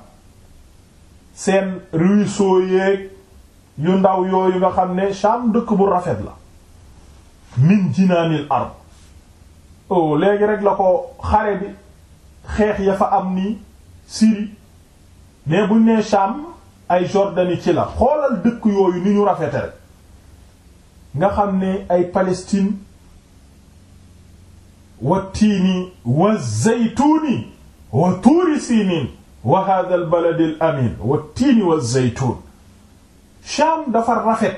seen ruisseau yeeg yu ndaw yooyu nga xam ne shaam dëkk bu rafet la min jinaanil ard oh léegi rek la ko xare bi xeex ya fa am ni Syrie mais buñ nee Sham ay Jordanie ci la xoolal dëkk yooyu ni ñu rafete rek nga xam ni ay Palestine wa tiini wa zaytuuni wa tuuri siiniin wa hadha al balad al amin wa tiini wa zaytuun Sham dafa rafet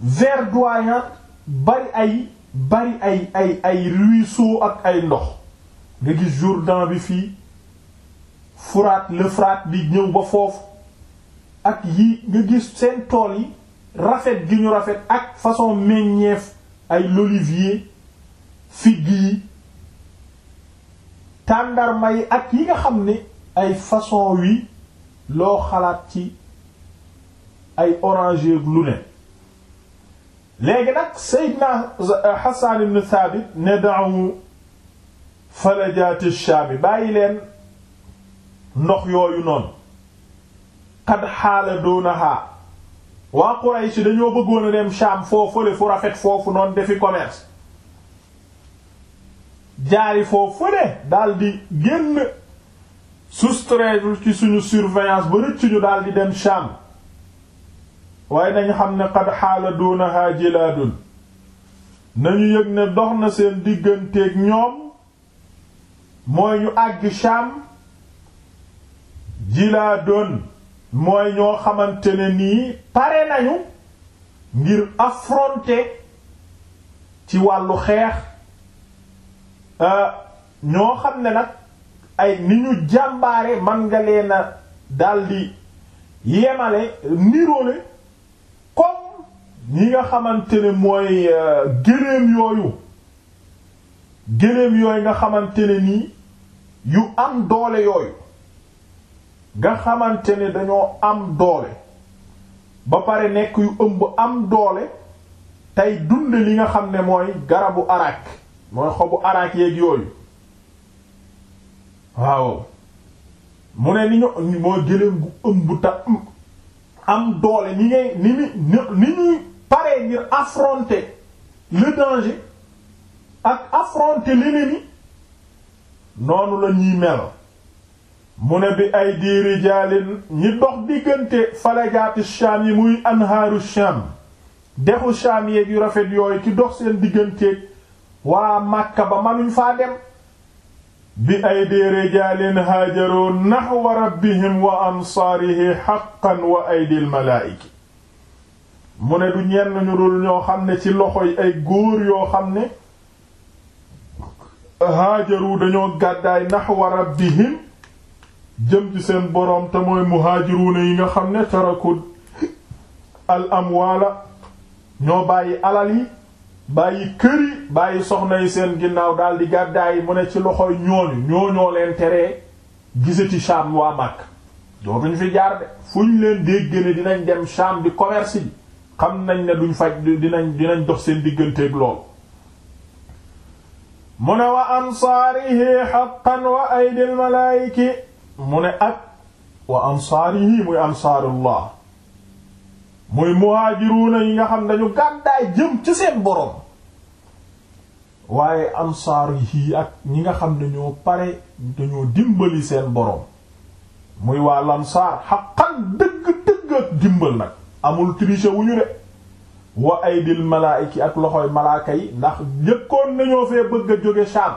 verdoyant bari ay bari ay ay ay ruisseau ak ay ndox nga gis Jourdain bi fii Furaat l'Euphrate bi ñëw ba foofu ak yi nga gis seen tool yi rafet gi ñu rafet ak façon meññeef ay l'olivier figg yi tàndarma yi ak yi nga xam ni ay façon wi loo xalaat ci ay oranger lu ne léegi nag Seydina Hassan ibn Thabit ne daawu falajaati Shaam bàyyi leen ndox yooyu noonu xad xaala doonaha waa Quraysh dañoo bëggoon a dem Sham foofule fu rafet foofu noonu defi commerce jaari foofule daal di génn soustraire ci suñu surveillance ba rëcc ñu daal di dem Sham waaye nañu xam ne xad xaala doonaha jilaadun nañu yëg ne dox na seen digganteek ñoom mooy ñu àgg Sham jilaadun mooy ñoo xamante ne nii pare nañu ngir affronter ci wàllu xeex euh, ñoo xam ne nag ay ni ñu jàmbaare man nga leen daldi yemale niroole comme ñi nga xamante ne mooy euh, gëléem yooyu gëléem yooyu nga xamante nii yu am doole yooyu nga xamante ne dañoo am doole ba pare nekk yu ëmb am doole tey dund li nga xam ne mooy garabu arak mooy xobu arak yeeg yooyu waaw mu ne ni ñu mooy gëléem gu ëmb ta am doole ni ngay ni ni ni ñuy paree ngir affronter le danger ak affronter l'ennemi noonu la ñuy mel mu ne bi ay diiri jaalin ñi dox diggante falajaati shaam yi muy anhaaru shaam dexu shaam yeeg yu rafet yooyu ci dox seen digganteeg waa Makka ba manuñ faa dem bi ay diiri jaalin haajaru nahwa rabbihim wa ansaarihi haqqan wa aydil malaa'iki mu ne du ñenn ñu dul ñoo xam ne ci loxo yi ay góor yoo xam ne haajaru dañoo gàddaay nahwa rabbihim jëm ci seen boroom te mooy muhaajiruuna yi nga xam ne taraku al amwaala ñoo bàyyi alal yi bàyyi kër yi bàyyi soxna yi seen ginnaaw daal di gàddaay mu ne ci loxoy ñooñu ñoo ñoo leen teree gisati Sham waa Màkk dootuñ fi jaar de fu ñu leen dégg dinañ dem Sham di commerce bi xam nañ ne duñ faj dinañ dinañ dox seen digganteeg lool mu ne wa ansaarihi haqqan wa aydil malaayiki mu ne ak wa ansaarihi muy ansaarullah muy muhaajiruuna yi nga xam dañu gàddaay jëm ci seen borom waaye ansaarihi ak ñi nga xam dañoo pare dañoo dimbali seen borom muy waa lansaar xaqan dëgg-dëgg ak dimbal nag amul triche wu ñu de wa aydil malaayiki ak loxoy malaaka yi ndax jëkkoon nañoo fee bëgg a jóge Shaam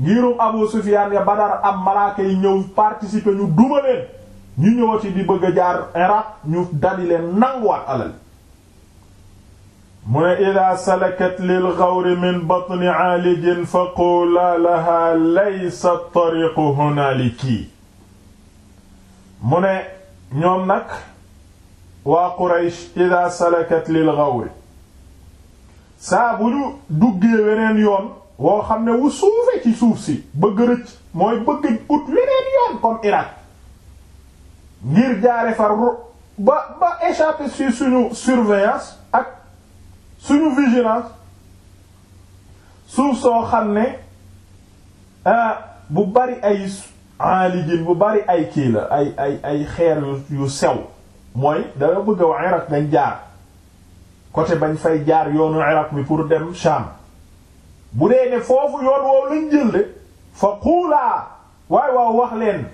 ngirum Abu Sufyaan ya Badar am malaaka yi ñëw participer ñu duma leen ñu ñëwati di bëgg a jaar Iraq ñu dali leen nanguwaat alal mu ne ida salakat lil ghawri min batni aalijin fa qula laha laysa tariqu hunaliki mu ne ñoom nag waa Quraysh ida salakat lil ghawri saa bu ñu duggee weneen yoon woo xam ne wu suufee ci suuf si bëgg rëcc mooy bëgg ut leneen yoon comme Irak ngir jaare far ba ba échapper ci suñu surveillance ak suñu vigilance suuf soo xam ne ah, bu bari ay alijin bu bari ay kii la ay ay ay xeer yu sew mooy danga bëgg a wax dañ jaar côté bañ fay jaar yoonu Irak bi pour dem Sham bu dee ne foofu yoon woow lañ jël de fa xuulaa waay waaw wax leen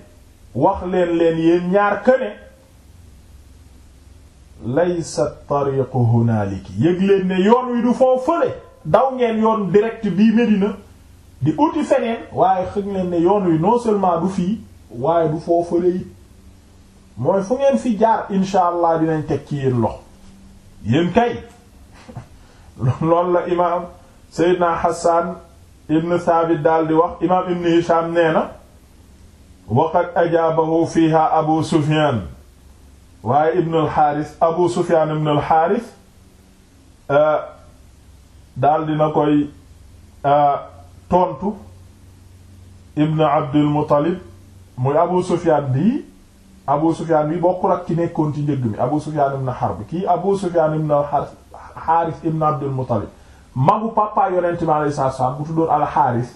wax leen leen yéen ñaar këne laysa tariqu hunaaliki yëg leen ne yoon wi du foo fële daw ngeen yoon direct bii Medina di uti feneen waaye xëg leen ne yoon wi non seulement du fii waaye du foo fële it mooy fu ngeen fi jaar insha allah dinañ teg ci yéen lox yéen kay loolu la imaam Seydina Hassan ibn Thabit daal di wax imaam Ibn Hisham nee na waqad ajaabahu fiiha Abu Sufyan waaye Ibn al-Harith Abu Sufyan ibn al-Harith eh, daal dina koy eh, tontu Ibn Abdul Muttalib muy Abu Sufyan bii Abu Sufyan bi bokkul ak ki nekkoon ci njëgg mi Abu Sufyan ibn Harb kii Abu Sufyan ibn al-Harith Harith ibn Abdul Muttalib magu papa yonent bi alayhi salaatu salaam bu tuddoon alxaaris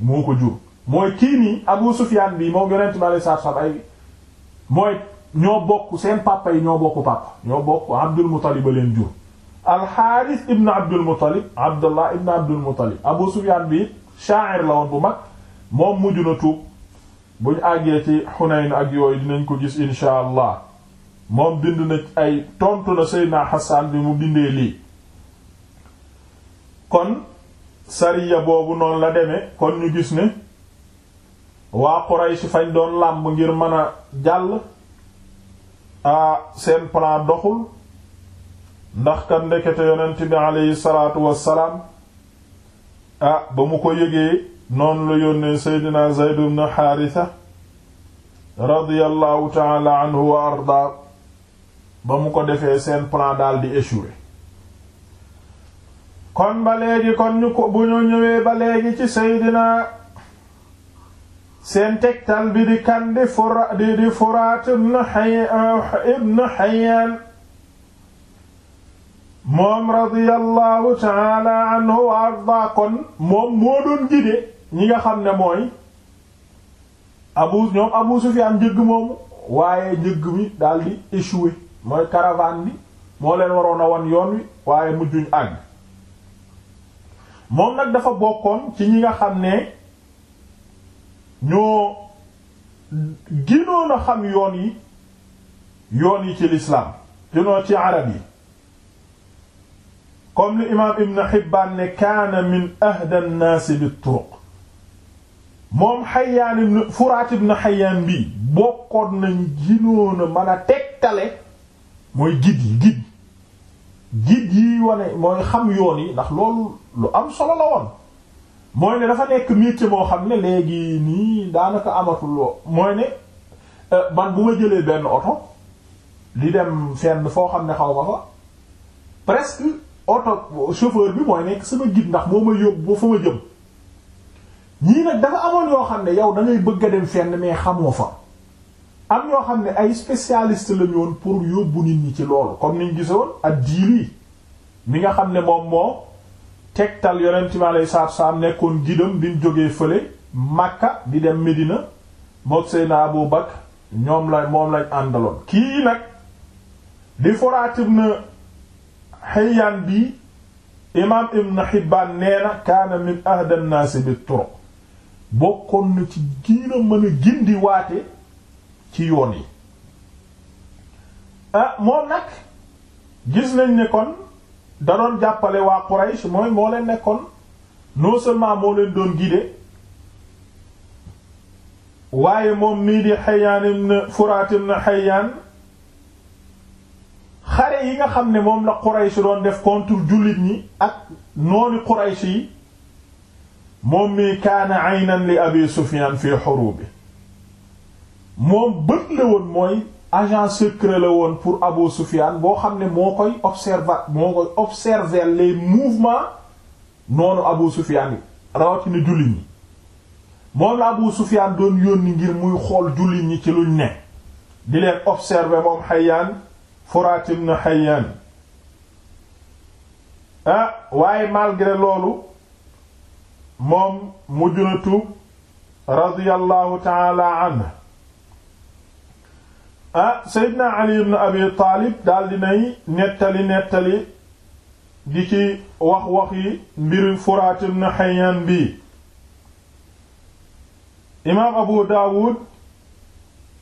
moo ko jur mooy kii nii Abu Sufyaan bii moom yonent bi alayhi salaam ay mooy ñoo bokk seen papa yi ñoo bokk papa ñoo bokk Abdul Muttalib a leen jur alxaaris ibn Abdul Muttalib Abdullah Abu Sufyaan bi sha'ir la bu mag moom mujj na tuub buñ àggee ci Hunayn ak yooyu dinañ ko gis insha allah moom bind na ay tontu na Seydina Hassan bi mu bindee lii kon sariya boobu noonu la deme kon ñu gis ne waa Quraysh fañ doon làmb ngir mën a jàll a seen plan doxul ndax kan ndekete yonent bi aleyhi salaatu wassalaam ba mu ko yégee noonu la yónnee seydina Zayd ibn Haarisa radiyallahu anhu wa arda ba mu ko defee seen plan daal di échoué kon ba léegi kon ñu ko bu ñu ñëwee ba léegi ci seydina seen tegtal bi di kan di fura furaat ibn xayaan uh, moom radiyallahu taala anhu wa arda kon moom moo doon gide ñi nga xam ne mooy abu ñoom abu sufiyaan njëgg moomu waaye njëgg mi daldi échoué mooy caravane bi moo leen waroon wan yoon wi waaye mujjuñ àgg moom nag dafa bokkoon ci ñi nga xam ne ñoo ginoon a xam yoon yi yoon yi ci lislaam dinoo ci arab yi comme li imaam ibn Hibbaan ne kaana min ahda nnaasi bi turuq moom Hayyaan ibn Furaat ibn Hayyaan bi bokkoon nañ ginoon a mën a tegtale mooy gid yi gid giid yi wane mooy xam yoon yi ndax loolu lu am solo la woon mooy ne dafa nekk métier moo xam ne léegi nii daanaka amatul mooy ne ban euh, bu ma jëlee benn oto di dem fenn foo xam ne xaw ma fa presque oto chauffeur bi mooy nekk sama guide ndax moo ma yóbbu fa ma jëm ñii nag dafa amoon yoo xam ne yow da bëgg a dem fenn mais xamoo fa am yoo xam ne ay spécialiste lañu woon pour yóbbu nit ñi ci loolu comme niñ gisoon ak diili mi nga xam ne moom moo tegtal yonent mi alayhi salaatu salaam nekkoon gidam bi jóge jógee fële Makka di dem Medina mook Seydina ñoom la moom lañ àndaloon kii nag di foraatib na Hayyan bi imaam Ibn Hibbaan nee na kaana min ahda an-naas bit-turuq bokkoon na ci giina mën a gindi waate ci yoon yi ah moom nag gis nañ ne kon da doon jàppale waa Quraysh mooy moo leen nekkoon non seulement moo leen doon guider waaye moom nii di Hayyan ibn Furat ibn Hayyan xare yi nga xam ne moom la Quraysh doon def contre jullit ñi ak nooni Quraysh yi moom mii kaana aynan li Abi Sufyan fi hurubi moom bët la woon mooy agent secret la woon pour Abu Sufyan boo xam ne moo koy observa moo koy observer les mouvements noonu Abu Sufyan yi jullit ñi moom la Abu Sufyan doon yónni ngir muy xool jullit ñi ci luñ ne di leen observer moom Hayyan Furat ibn Hayyan ah, waaye malgré loolu moom mujj na tuub radiyallahu ta'ala anhu ah Seydina Ali ibn Abi Taalib dinay nettali nettali di ci wax wax yi mbiri Furaat ibn Hayyan bi imaam Abu Daawud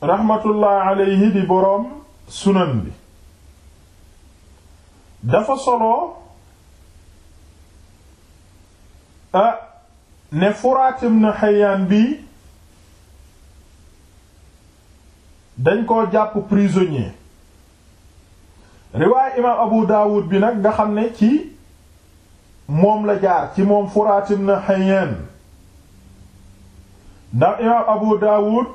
raxmatullahi alayhi di boroom sunan bi dafa solo ah, ne Furaat ibn Hayyan bi dañ koo jàpp prisonnier riwaay imaam Abu Dawud bi nag nga xam ne ci moom la jaar ci moom Furaat ibn Hayyan ndax imaam Abu Dawud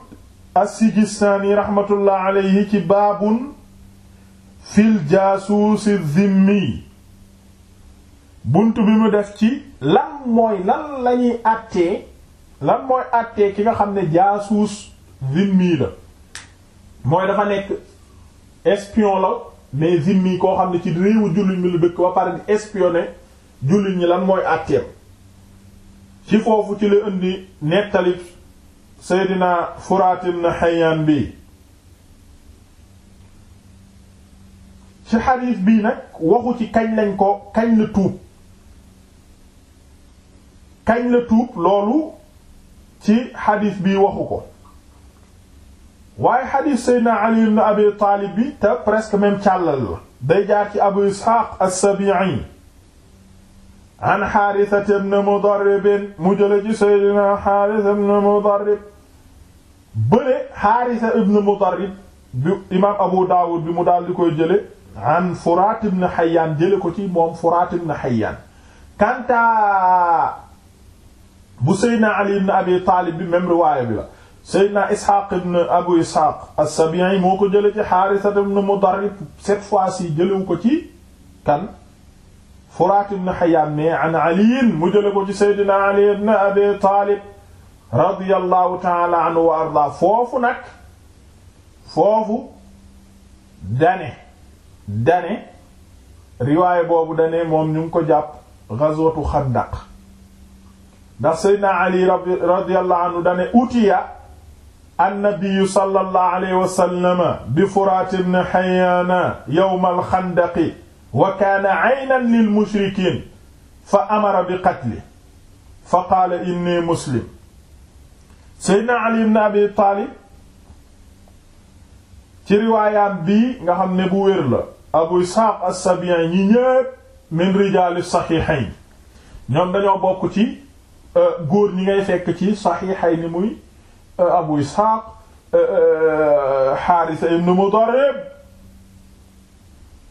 as-Sijistaani raxmatullah alayhi ci baabun fil jaasuusi zimmi bunt bi mu def ci lan mooy lan lañuy àttee lan mooy àttee ki nga xam ne jaasuus zimmi la mooy dafa nekk espion la mais zimmi koo xam ne ci réewu jullit ñi la dëkk ba pare di espionner jullit ñi lan mooy àtteem ci foofu ci la indi nettali Seydina Furaat ibn Hayyan bi ci xadiis bii nag waxu ci kañ lañ ko kañ la tuub kañ la tuub loolu ci xadiis bi waxu ko waaye xadiis seydna ali ibn abi taalib bi te presque même càllal day jaar ci abu isxaaq as-sabi'i an xaarisat ibn mudarrib mu jële ci seydna xaaris ibn mudarrib bële xaarisa ibn mudarrib abu daawud bi mu daal di koy jële an furaat ibn xayyaan jële ko ci moom furaat ibn xayyaan kanta bu seydna ali ibn abi taalib bi même riwaaya Seydina Isxaaq ibn Abu Isxaaq as-Sabi'i moo ko jële ci Haarisa ibn Mudarrib cette fois-ci jëlewu ko ci kan Furaat ibn Hayyaam ne an Ali mu jële ko ci Seydina Ali ibn Abi Taalib radiyallahu ta'ala anhu wa arda foofu nag foofu dane dane riwaay boobu dane moom ñu ngi ko jàpp ghazwatu Xandaq ndax Seydina Ali radiyallahu anhu dane utiya annabiyu sallallahu alayhi wa sallama bi Furaat ibn Hayyaana yawma alxandaqi wa kaana aynan lil mushrikiin fa amara bi qatli fa qaala inni muslim Seydina Ali ibn Abi Taalib ci riwaayaat bii nga xam ne bu wér la Abu Isxaaq as-Sabi'i ñi ñépp min rijaali saxiixayn ñoom dañoo bokk ci euh, góor ñi ngay fekk ci saxiixayn muy Euh, abu isxaaq euh, euh, xaarisa ibn mudarrib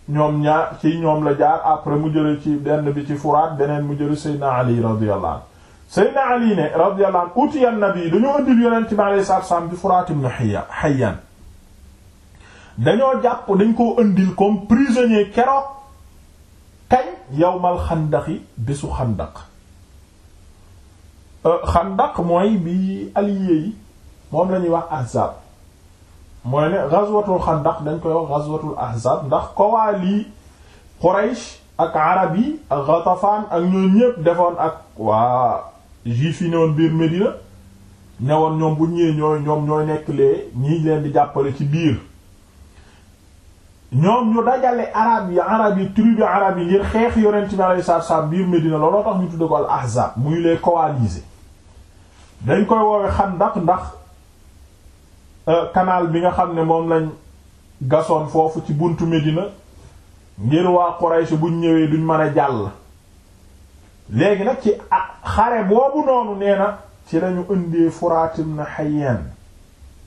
ñoom ñaar ci ñoom la jaar après mu jële ci benn bi ci furaat beneen mu jële seydna ali radiyallahu anhu seydna ali ne radiyallahu anhu utiya nabi dañoo indil yonent bi alayhi salaatu salaam bi furaat ibn hayyan dañoo jàpp dañ koo indil comme prisonnier keroog kañ yawmal xandaqi bésu xandaq xandaq mooy bi allié moom lañuy ñuy wax ahzab mooy ne ghazwatul xandaq dañ koy wax ghazwatul ahzab ndax kowaali Quraysh ak arab yi ak Ghatafan ak ñoom ñépp defoon ak waa juif yi newoon biir Médina newoon ñoom bu ñëwee ñooy ñoom ñooy nekk lee ñii leen di jàppale ci biir ñoom ñu dajale arab yi arab yi tribu arab yi ngir xeex yonent bi alayhi salaatu biir Médina looloo tax ñu tudde ko al ahzab muy les coalisés dañ koy woowe xandaq ndax kanaal euh, bi nga xam ne moom lañ gasoon foofu ci buntu Medina ngir waa Quraysh buñ ñëwee duñ mën a jàll léegi nag ci ah, xare boobu noonu nee na ci lañu indi Furaat ibn Hayyan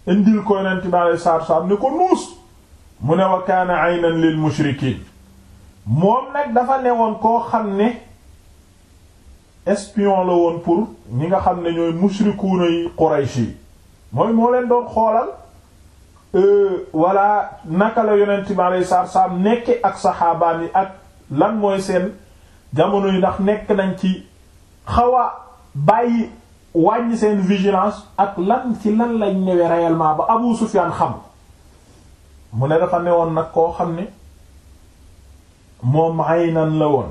indil ko yonent bi alei saatu ni ko nuus mu ne wa kaana aynan lil mushrikiin moom nag dafa newoon koo xam ne espion la woon pour ñi nga xam ne ñooy mushrikuuna yi Quraysh yi mooy moo leen doon xoolal walla euh, naka la yonent bi alayhi salaatu salaam nekke ak saxaabaan yi ak lan mooy seen jamono yi ndax nekk nañ ci xaw a bàyyi wàññi seen vigilance ak lan ci lan lañ newee réellement ba Abu Sufyaan xam mu ne dafa woon nag koo xam ni moom nan la woon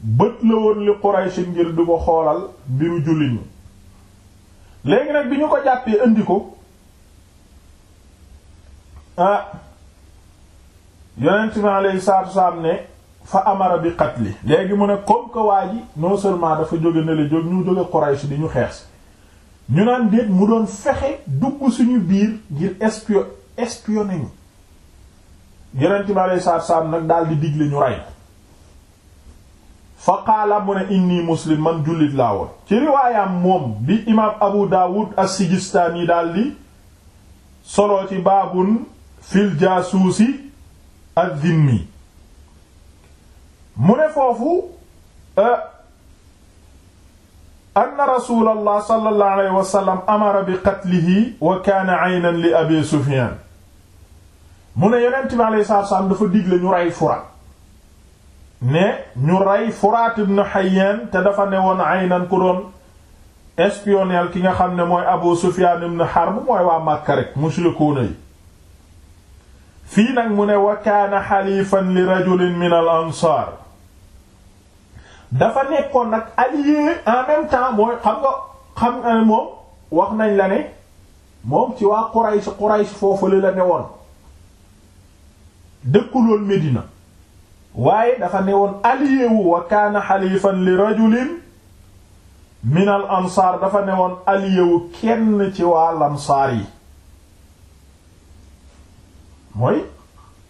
bët la woon li Quraysh ngir du ko xoolal mbiru julli ñi léegi nag bi ñu ko jàppee indi ko ah yonent bi ne fa amara bi xat li léegi mu ne comme que waa ji non dafa jóge ne la jóg ñu jóge Quraysh di ñu xeex si ñu naan déet mu doon fexe dugg suñu biir ngir espio espionné ñu yonent bi alayhi salaatu wassalaam nag daal di digle ñu rey fa qaala mu ne inni muslim man jullit laa woon ci riwaayaam moom bi imaam abu daawud as-sijistaani daldi solo ci baabun fil jaasuusi ad-dhimmi mu ne foofu eh, anna rasuulallah sallallahu alayhi wa sallam amara bi qatlihi wa kaana aynan li abi sufyaan mu ne yonent bi alayhi salaatu wa salaam dafa digle ñu rey Furat ne ñu rey Furaat ibn Hayyan te dafa ne woon aynan ku doon espionnel ki nga xam ne mooy Abu Sufyaan ibn Harb mooy waa Makka rek mushrikuuna yi fii nag mu ne wa kaana xalifan li rajulin min al dafa nekkoon nag allié en même mooy xam nga xam nga moom wax nañ la ne moom ci waa Quraysh Quraysh foofu la ne woon dëkkuloon Medina waaye dafa ne woon aliyewu wa kaana xalifan li rajulin min al dafa ne woon aliyewu kenn ci waa lansaar yi mooy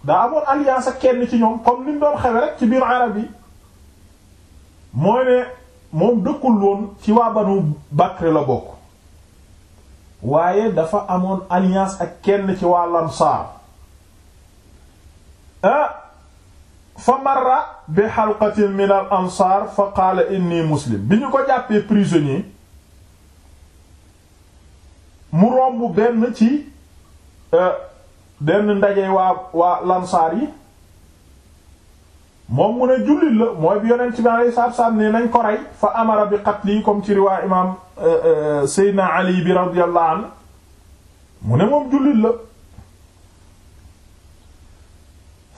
daa amoon alliance ak kenn ci ñoom comme ni doon xewe ci biir arab yi mooy ne moom dëkkul woon ci waa banu Bakr la bokk waaye dafa amoon alliance ak kenn ci waa lansaar ah fa marra bi xalqatin min al ansaar fa qaala inni muslim bi ñu ko jàppee prisonnier mu romb benn ci euh, benn ndaje waa waa lansaar yi moom mu ne jullit la mooy bi yonent bi alayhi salaatu salaam ne nañ ko rey fa amara bi qatli comme ci riwaa imaam euh, euh, Seydina Ali bi radiyallahu anhu mu ne moom jullit la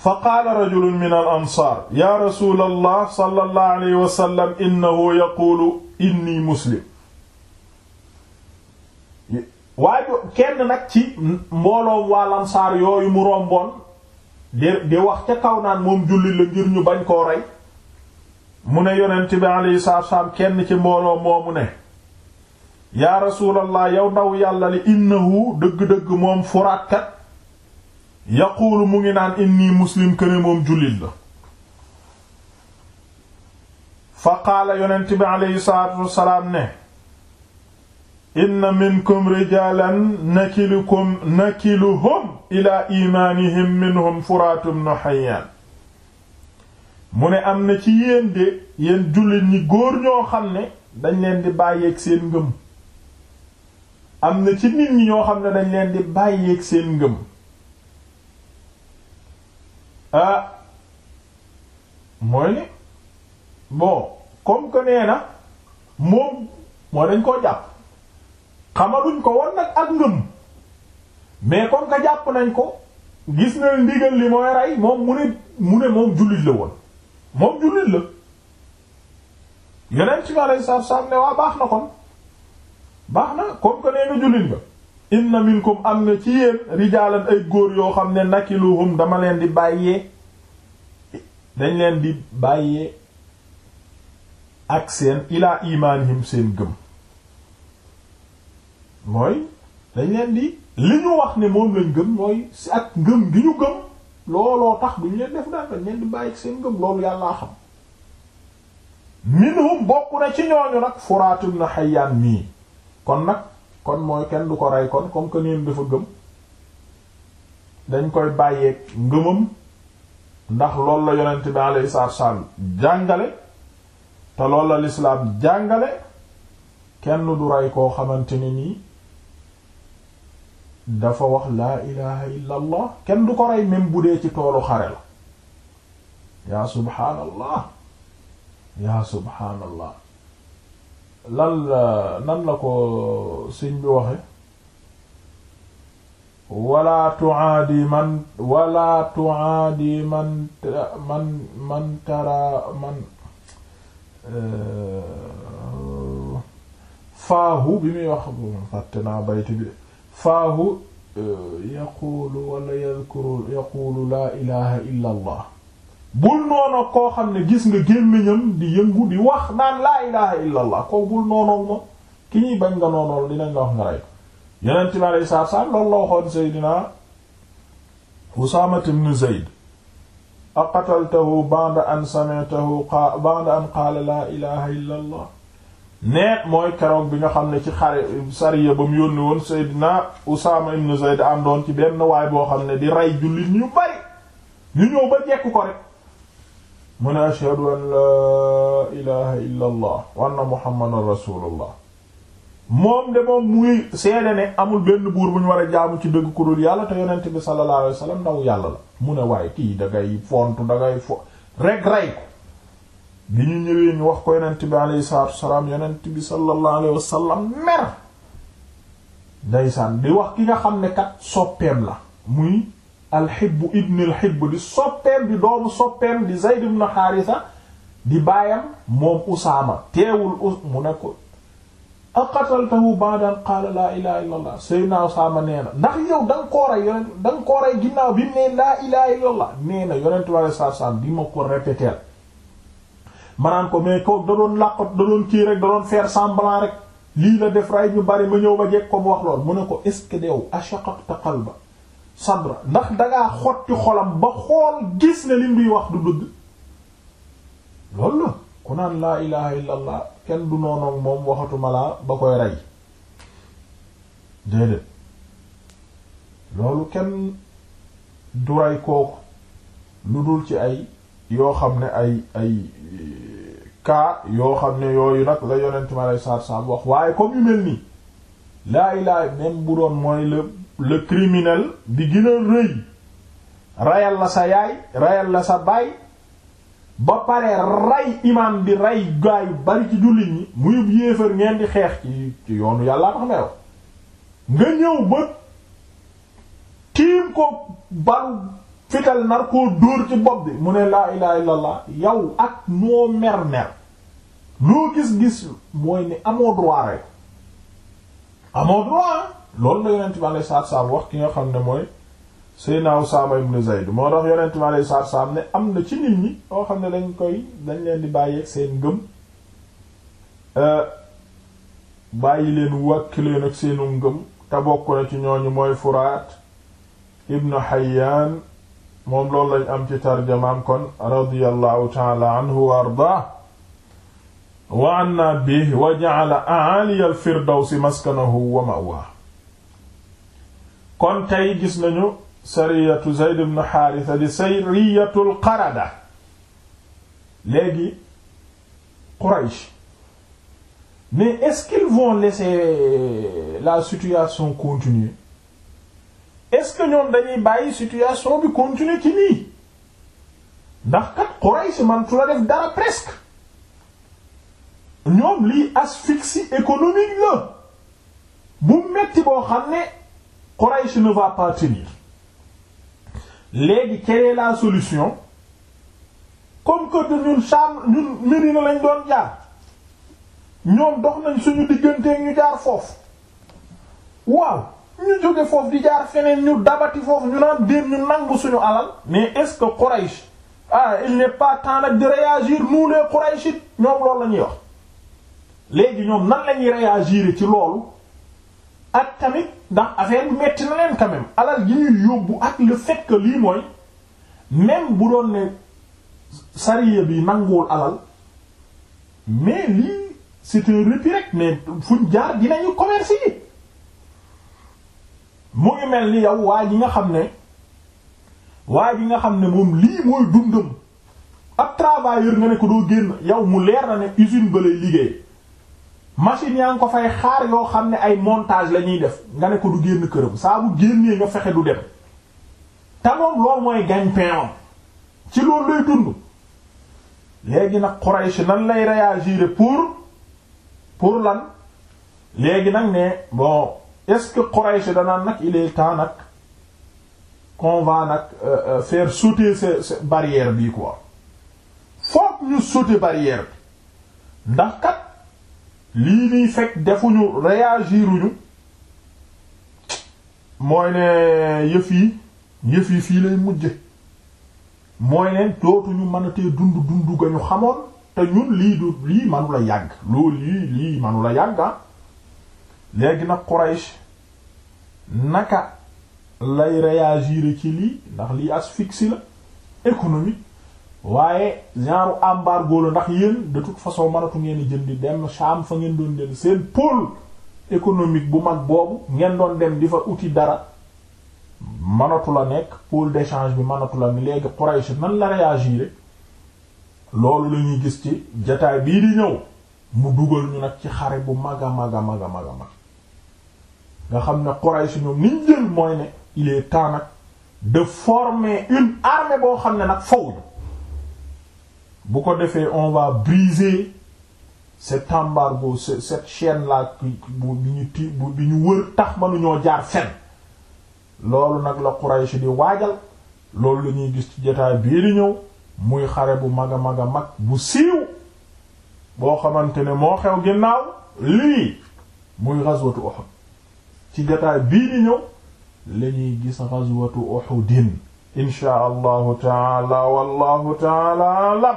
fa qaala rajulun min al ansaar yaa rasuulallah sallallahu alayhi wa sallam yaquulu inni muslim waaye kenn nag ci mbooloom waa lansaar yooyu mu romboon di di wax ca kaw naan moom julli la ngir ñu bañ koo rey mu ne yonent bi alayhi salaatu wa kenn ci mbooloo moomu ne yaa rasuulallah yow ndaw yàlla li innahu dëgg-dëgg moom furaatkat yaquulu mu ngi naan inni muslim këne jullit la fa qaala yonent bi aleyhi salaatu wasalaam ne inna minkum rijalan nakilukum nakiluhum ila imaanihim minhum furaatum nu xayaan mu ne am na ci yéen de yéen jullit ñi góor ñoo xam ne dañ leen di bàyyeeg seen ngëm am na ci nit ñi ñoo xam ne dañ leen di bàyyeek seen ngëm ah mooy ni bon comme que nee na moom moo dañ koo jàpp xamaluñ ko won nag ak ngëm mais comme que jàpp nañ ko gis na ndigal li mooy rey moom mu ne mu ne moom jullit la woon moom jullit la yeneen ci ma lay ne waa baax na kon baax na koom que nee na jullit nga inna minkum am na ci yéen rijaalan ay góor yoo xam ne nakiluhum dama leen di bàyyee dañ leen di bàyyee ak seen ilaa imaanihim seen gëm mooy dañ leen di li ñu wax ne moom lañ gëm mooy si ak ngëm gi ñu gëm looloo tax duñu leen def daal dañ leen di bàyyi seen gëm loolu yàllaa xam minhum bokk na ci ñooñu nag Furaat ibn Hayyaan mii kon nag kon mooy kenn du ko rey kon comme que neen dafa gëm dañ koy bàyyeeg ngëmam ndax loolu la yonent bi alayhi salaatu salaam jàngale te loolu la lislaam jàngale kenn du rey koo xamante ne nii dafa wax laa ilaha illa kenn du ko rey même bu dee ci toolu xare la yaa subhaanallah yaa subhaanallah lan la nan la ko sëñ bi waxe wala tuaadi man wala tuaadi man tara man eh, faahu bi muy wax fàtte naa bayt bi faahu eh, yaqulu la ilaha illa allah bul noonoog koo xam ne gis nga gémmiñam di yëngu di wax naan laa ilaha illa koo bul noonoog moom ki ñuy bañ nga noonool dinañ nga wax nga rey yeneen mi aleyi saatu salaam loolu la waxoon seydina Usaama ibn Zayd aqataltahu ba'da bi nga xam ne ci xare sariya ba mu yónni Seydina Usaama ibn ci benn waay boo xam ne di rey jullit ñu bari ñu ñëw ba jekk ko rek mu ne ashhadu an laa ilaha illa allah wa anna muhammadan rasulullah moom de moom muy seede ne amul benn buur bu ñu war a jaamu ci dëgg ku dul yàlla te yonent bi sallallahu alayhi wasallam ndaw yàlla la mu ne waaye kii dangay fontu dangay fo rek rey ko bi ñu ñëwee ñu wax ko yonent bi alayhi salaatu wasalaam yonent bi mer ndeysaan di wax ki nga xam ne kat soppeem la muy alxibb ibn alxibb di soppeem di doomu soppeem di Zayd ibn Haarisa di baayam moom Usaama teewul us mu ne ko aqataltahu ba'da qaala laa ilaha illa allah Seydina Usaama nee na ndax yow da nga koo rey yonent da nga koo rey ginnaaw bi mu ne laa ilaha illa allah nee na yonentu Yàlla sallallahu alayhi wasallam di ma ko répéter manaan ko mais ko da doon làqat da doon kii rek da doon faire semblant rek lii la def rey ñu bari ma ñëw ba jekk ko mu wax lool mu ne ko est-ce que dew ashaqaqta qalba sabra ndax dangaa xotti xolam ba xool gis ne lim biy wax du dëgg loolu la ku naan laa ilaha illa kenn du noonoog moom waxatuma laa ba koy rey déedéet loolu kenn du rey kooku lu dul ci ay yoo xam ne ay ay kaa yoo xam ne yooyu nag la yonent ma lay saar saab wax waaye comme yu mel nii laa ilaha même bu doon mooy la le criminel di gën rëy rayal la sa yaay rayal la sa baay ba pare ray imaam bi ray gaa bari ci jullit ñi muyub yéefar ngeen di xeex ci ci yoonu yàllaa tax meew nga ñëw ba tiim ko balu fital nar koo dóor ci bopp bi mu ne laa ilaha illallah yow ak noo mer-mer loo gis-gis mooy ne amoo droit rek amoo droit loolu la yonent bi alayhi salaatu salaam wax ki nga xam ne mooy Seydina Usaama ibn Zayd moo tax yonent bi alayhi salaatu salaam ne am na ci nit ñi yoo xam ne dañ koy dañ leen di bàyyeeg seen ngëm euh, bàyyi leen wàkki leen ak seenu ngëm te bokk na ci ñooñu mooy Furaat ibn Hayyan moom loolu lañ am ci tarjamaam kon radiyallahu ta'ala anhu wa ardaa wa anna bihi wa ja'ala a'ali al-firdawsi maskanahu wa ma'waahu kon tey gis nañu sariyatu Zayd ibn Haarisa di est-ce qu'ils vont laisser la situation continue est-ce que ñoom dañuy bàyyi situation bi continuer ci nii ndax kat Quraysh mantu la dara presque ñoom lii asphyxie économique la bu metti boo xam ne Quraysh ne va pas tenir léegi quelle la solution comme que ñun Sham ñun Médina lañ doon jaar ñoom dox nañ suñu diggante ñu jaar foofu waaw ñu jóge foofu di jaar feneen ñu dabati foofu ñu naan biir ñu nangu suñu alal mais est-ce que Quraysh ah il n'est pas temps nag de réagir nous les Qurayshites ñoom loolu la ñuy wax léegi ñoom nan la ñuy réagir ci loolu ak tamit. ndax affaire bi metti na leen quand alal gi ñuy yóbbu ak le fait que lii mooy même bu doon ne sariya bi nanguwul alal mais lii c'est un répit rek mais fuñ jaar dinañu commerce yi mu ngi mel ni yow waa ji nga xam ne waa ji nga xam ne moom lii mooy dundam ab travailleur nga ne ko doo génn yow mu leer na ne usine ba lay liggéey machine yaa ngi ko fay xaar yoo xam ne ay montage la ñuy def nga ne ko du génn këram saa bu génnee nga fexe du dem te moom loolu mooy gagne-pain am ci loolu lay dund léegi nag Quraysh nan lay réagir pour pour lan léegi nag ne bon est-ce que Quraysh danaan nag il est temps nag qu'on va nag euh, euh, faire sauter cette barrière bi quoi foog ñu sauter barrière bi ndax kat lii nii fekk defuñu réagiruñu mooy ne yëf yi yëf yi fii lay mujje mooy ne dootuñu mënatee dund dund ga ñu xamoon te ñun lii du lii manu la yàgg loolu yi lii manu la yàgg ah léegi nag naka lay réagir ci lii ndax lii asphyxie la économique waaye genre embargo la ndax yéen de toute façon mënatu ngeen di jëndi dem Sham fa ngeen doon jënd seen pôle économique bu mag boobu ngeen doon dem di fa uti dara mënatu la nekk pôle d'échange bi mënatu la ni léegi Quraysh nan la réagir loolu la gis ci jataay bii di ñëw mu dugal ñu nag ci xare bu mag a mag a mag a mag nga xam ne Quraysh ñoom niñ jël mooy ne il temps nag de former une armée boo xam ne nag fawuñu bu ko defee on va briser cet embargo cette chaîne là bu bi ñu ti bu bi ñu wër tax mënuñoo jaar fen loolu nag la Quraysh di waajal loolu lañuy gis ci jotaay bii di ñëw muy xare bu mag a mag a mag bu siiw boo xamante ne moo xew ginnaaw lii muy ghazwatu Uhud ci jotaay bii ñëw la ñuy gis ghazwatu Uhudin insha allahu taala wallahu taala alam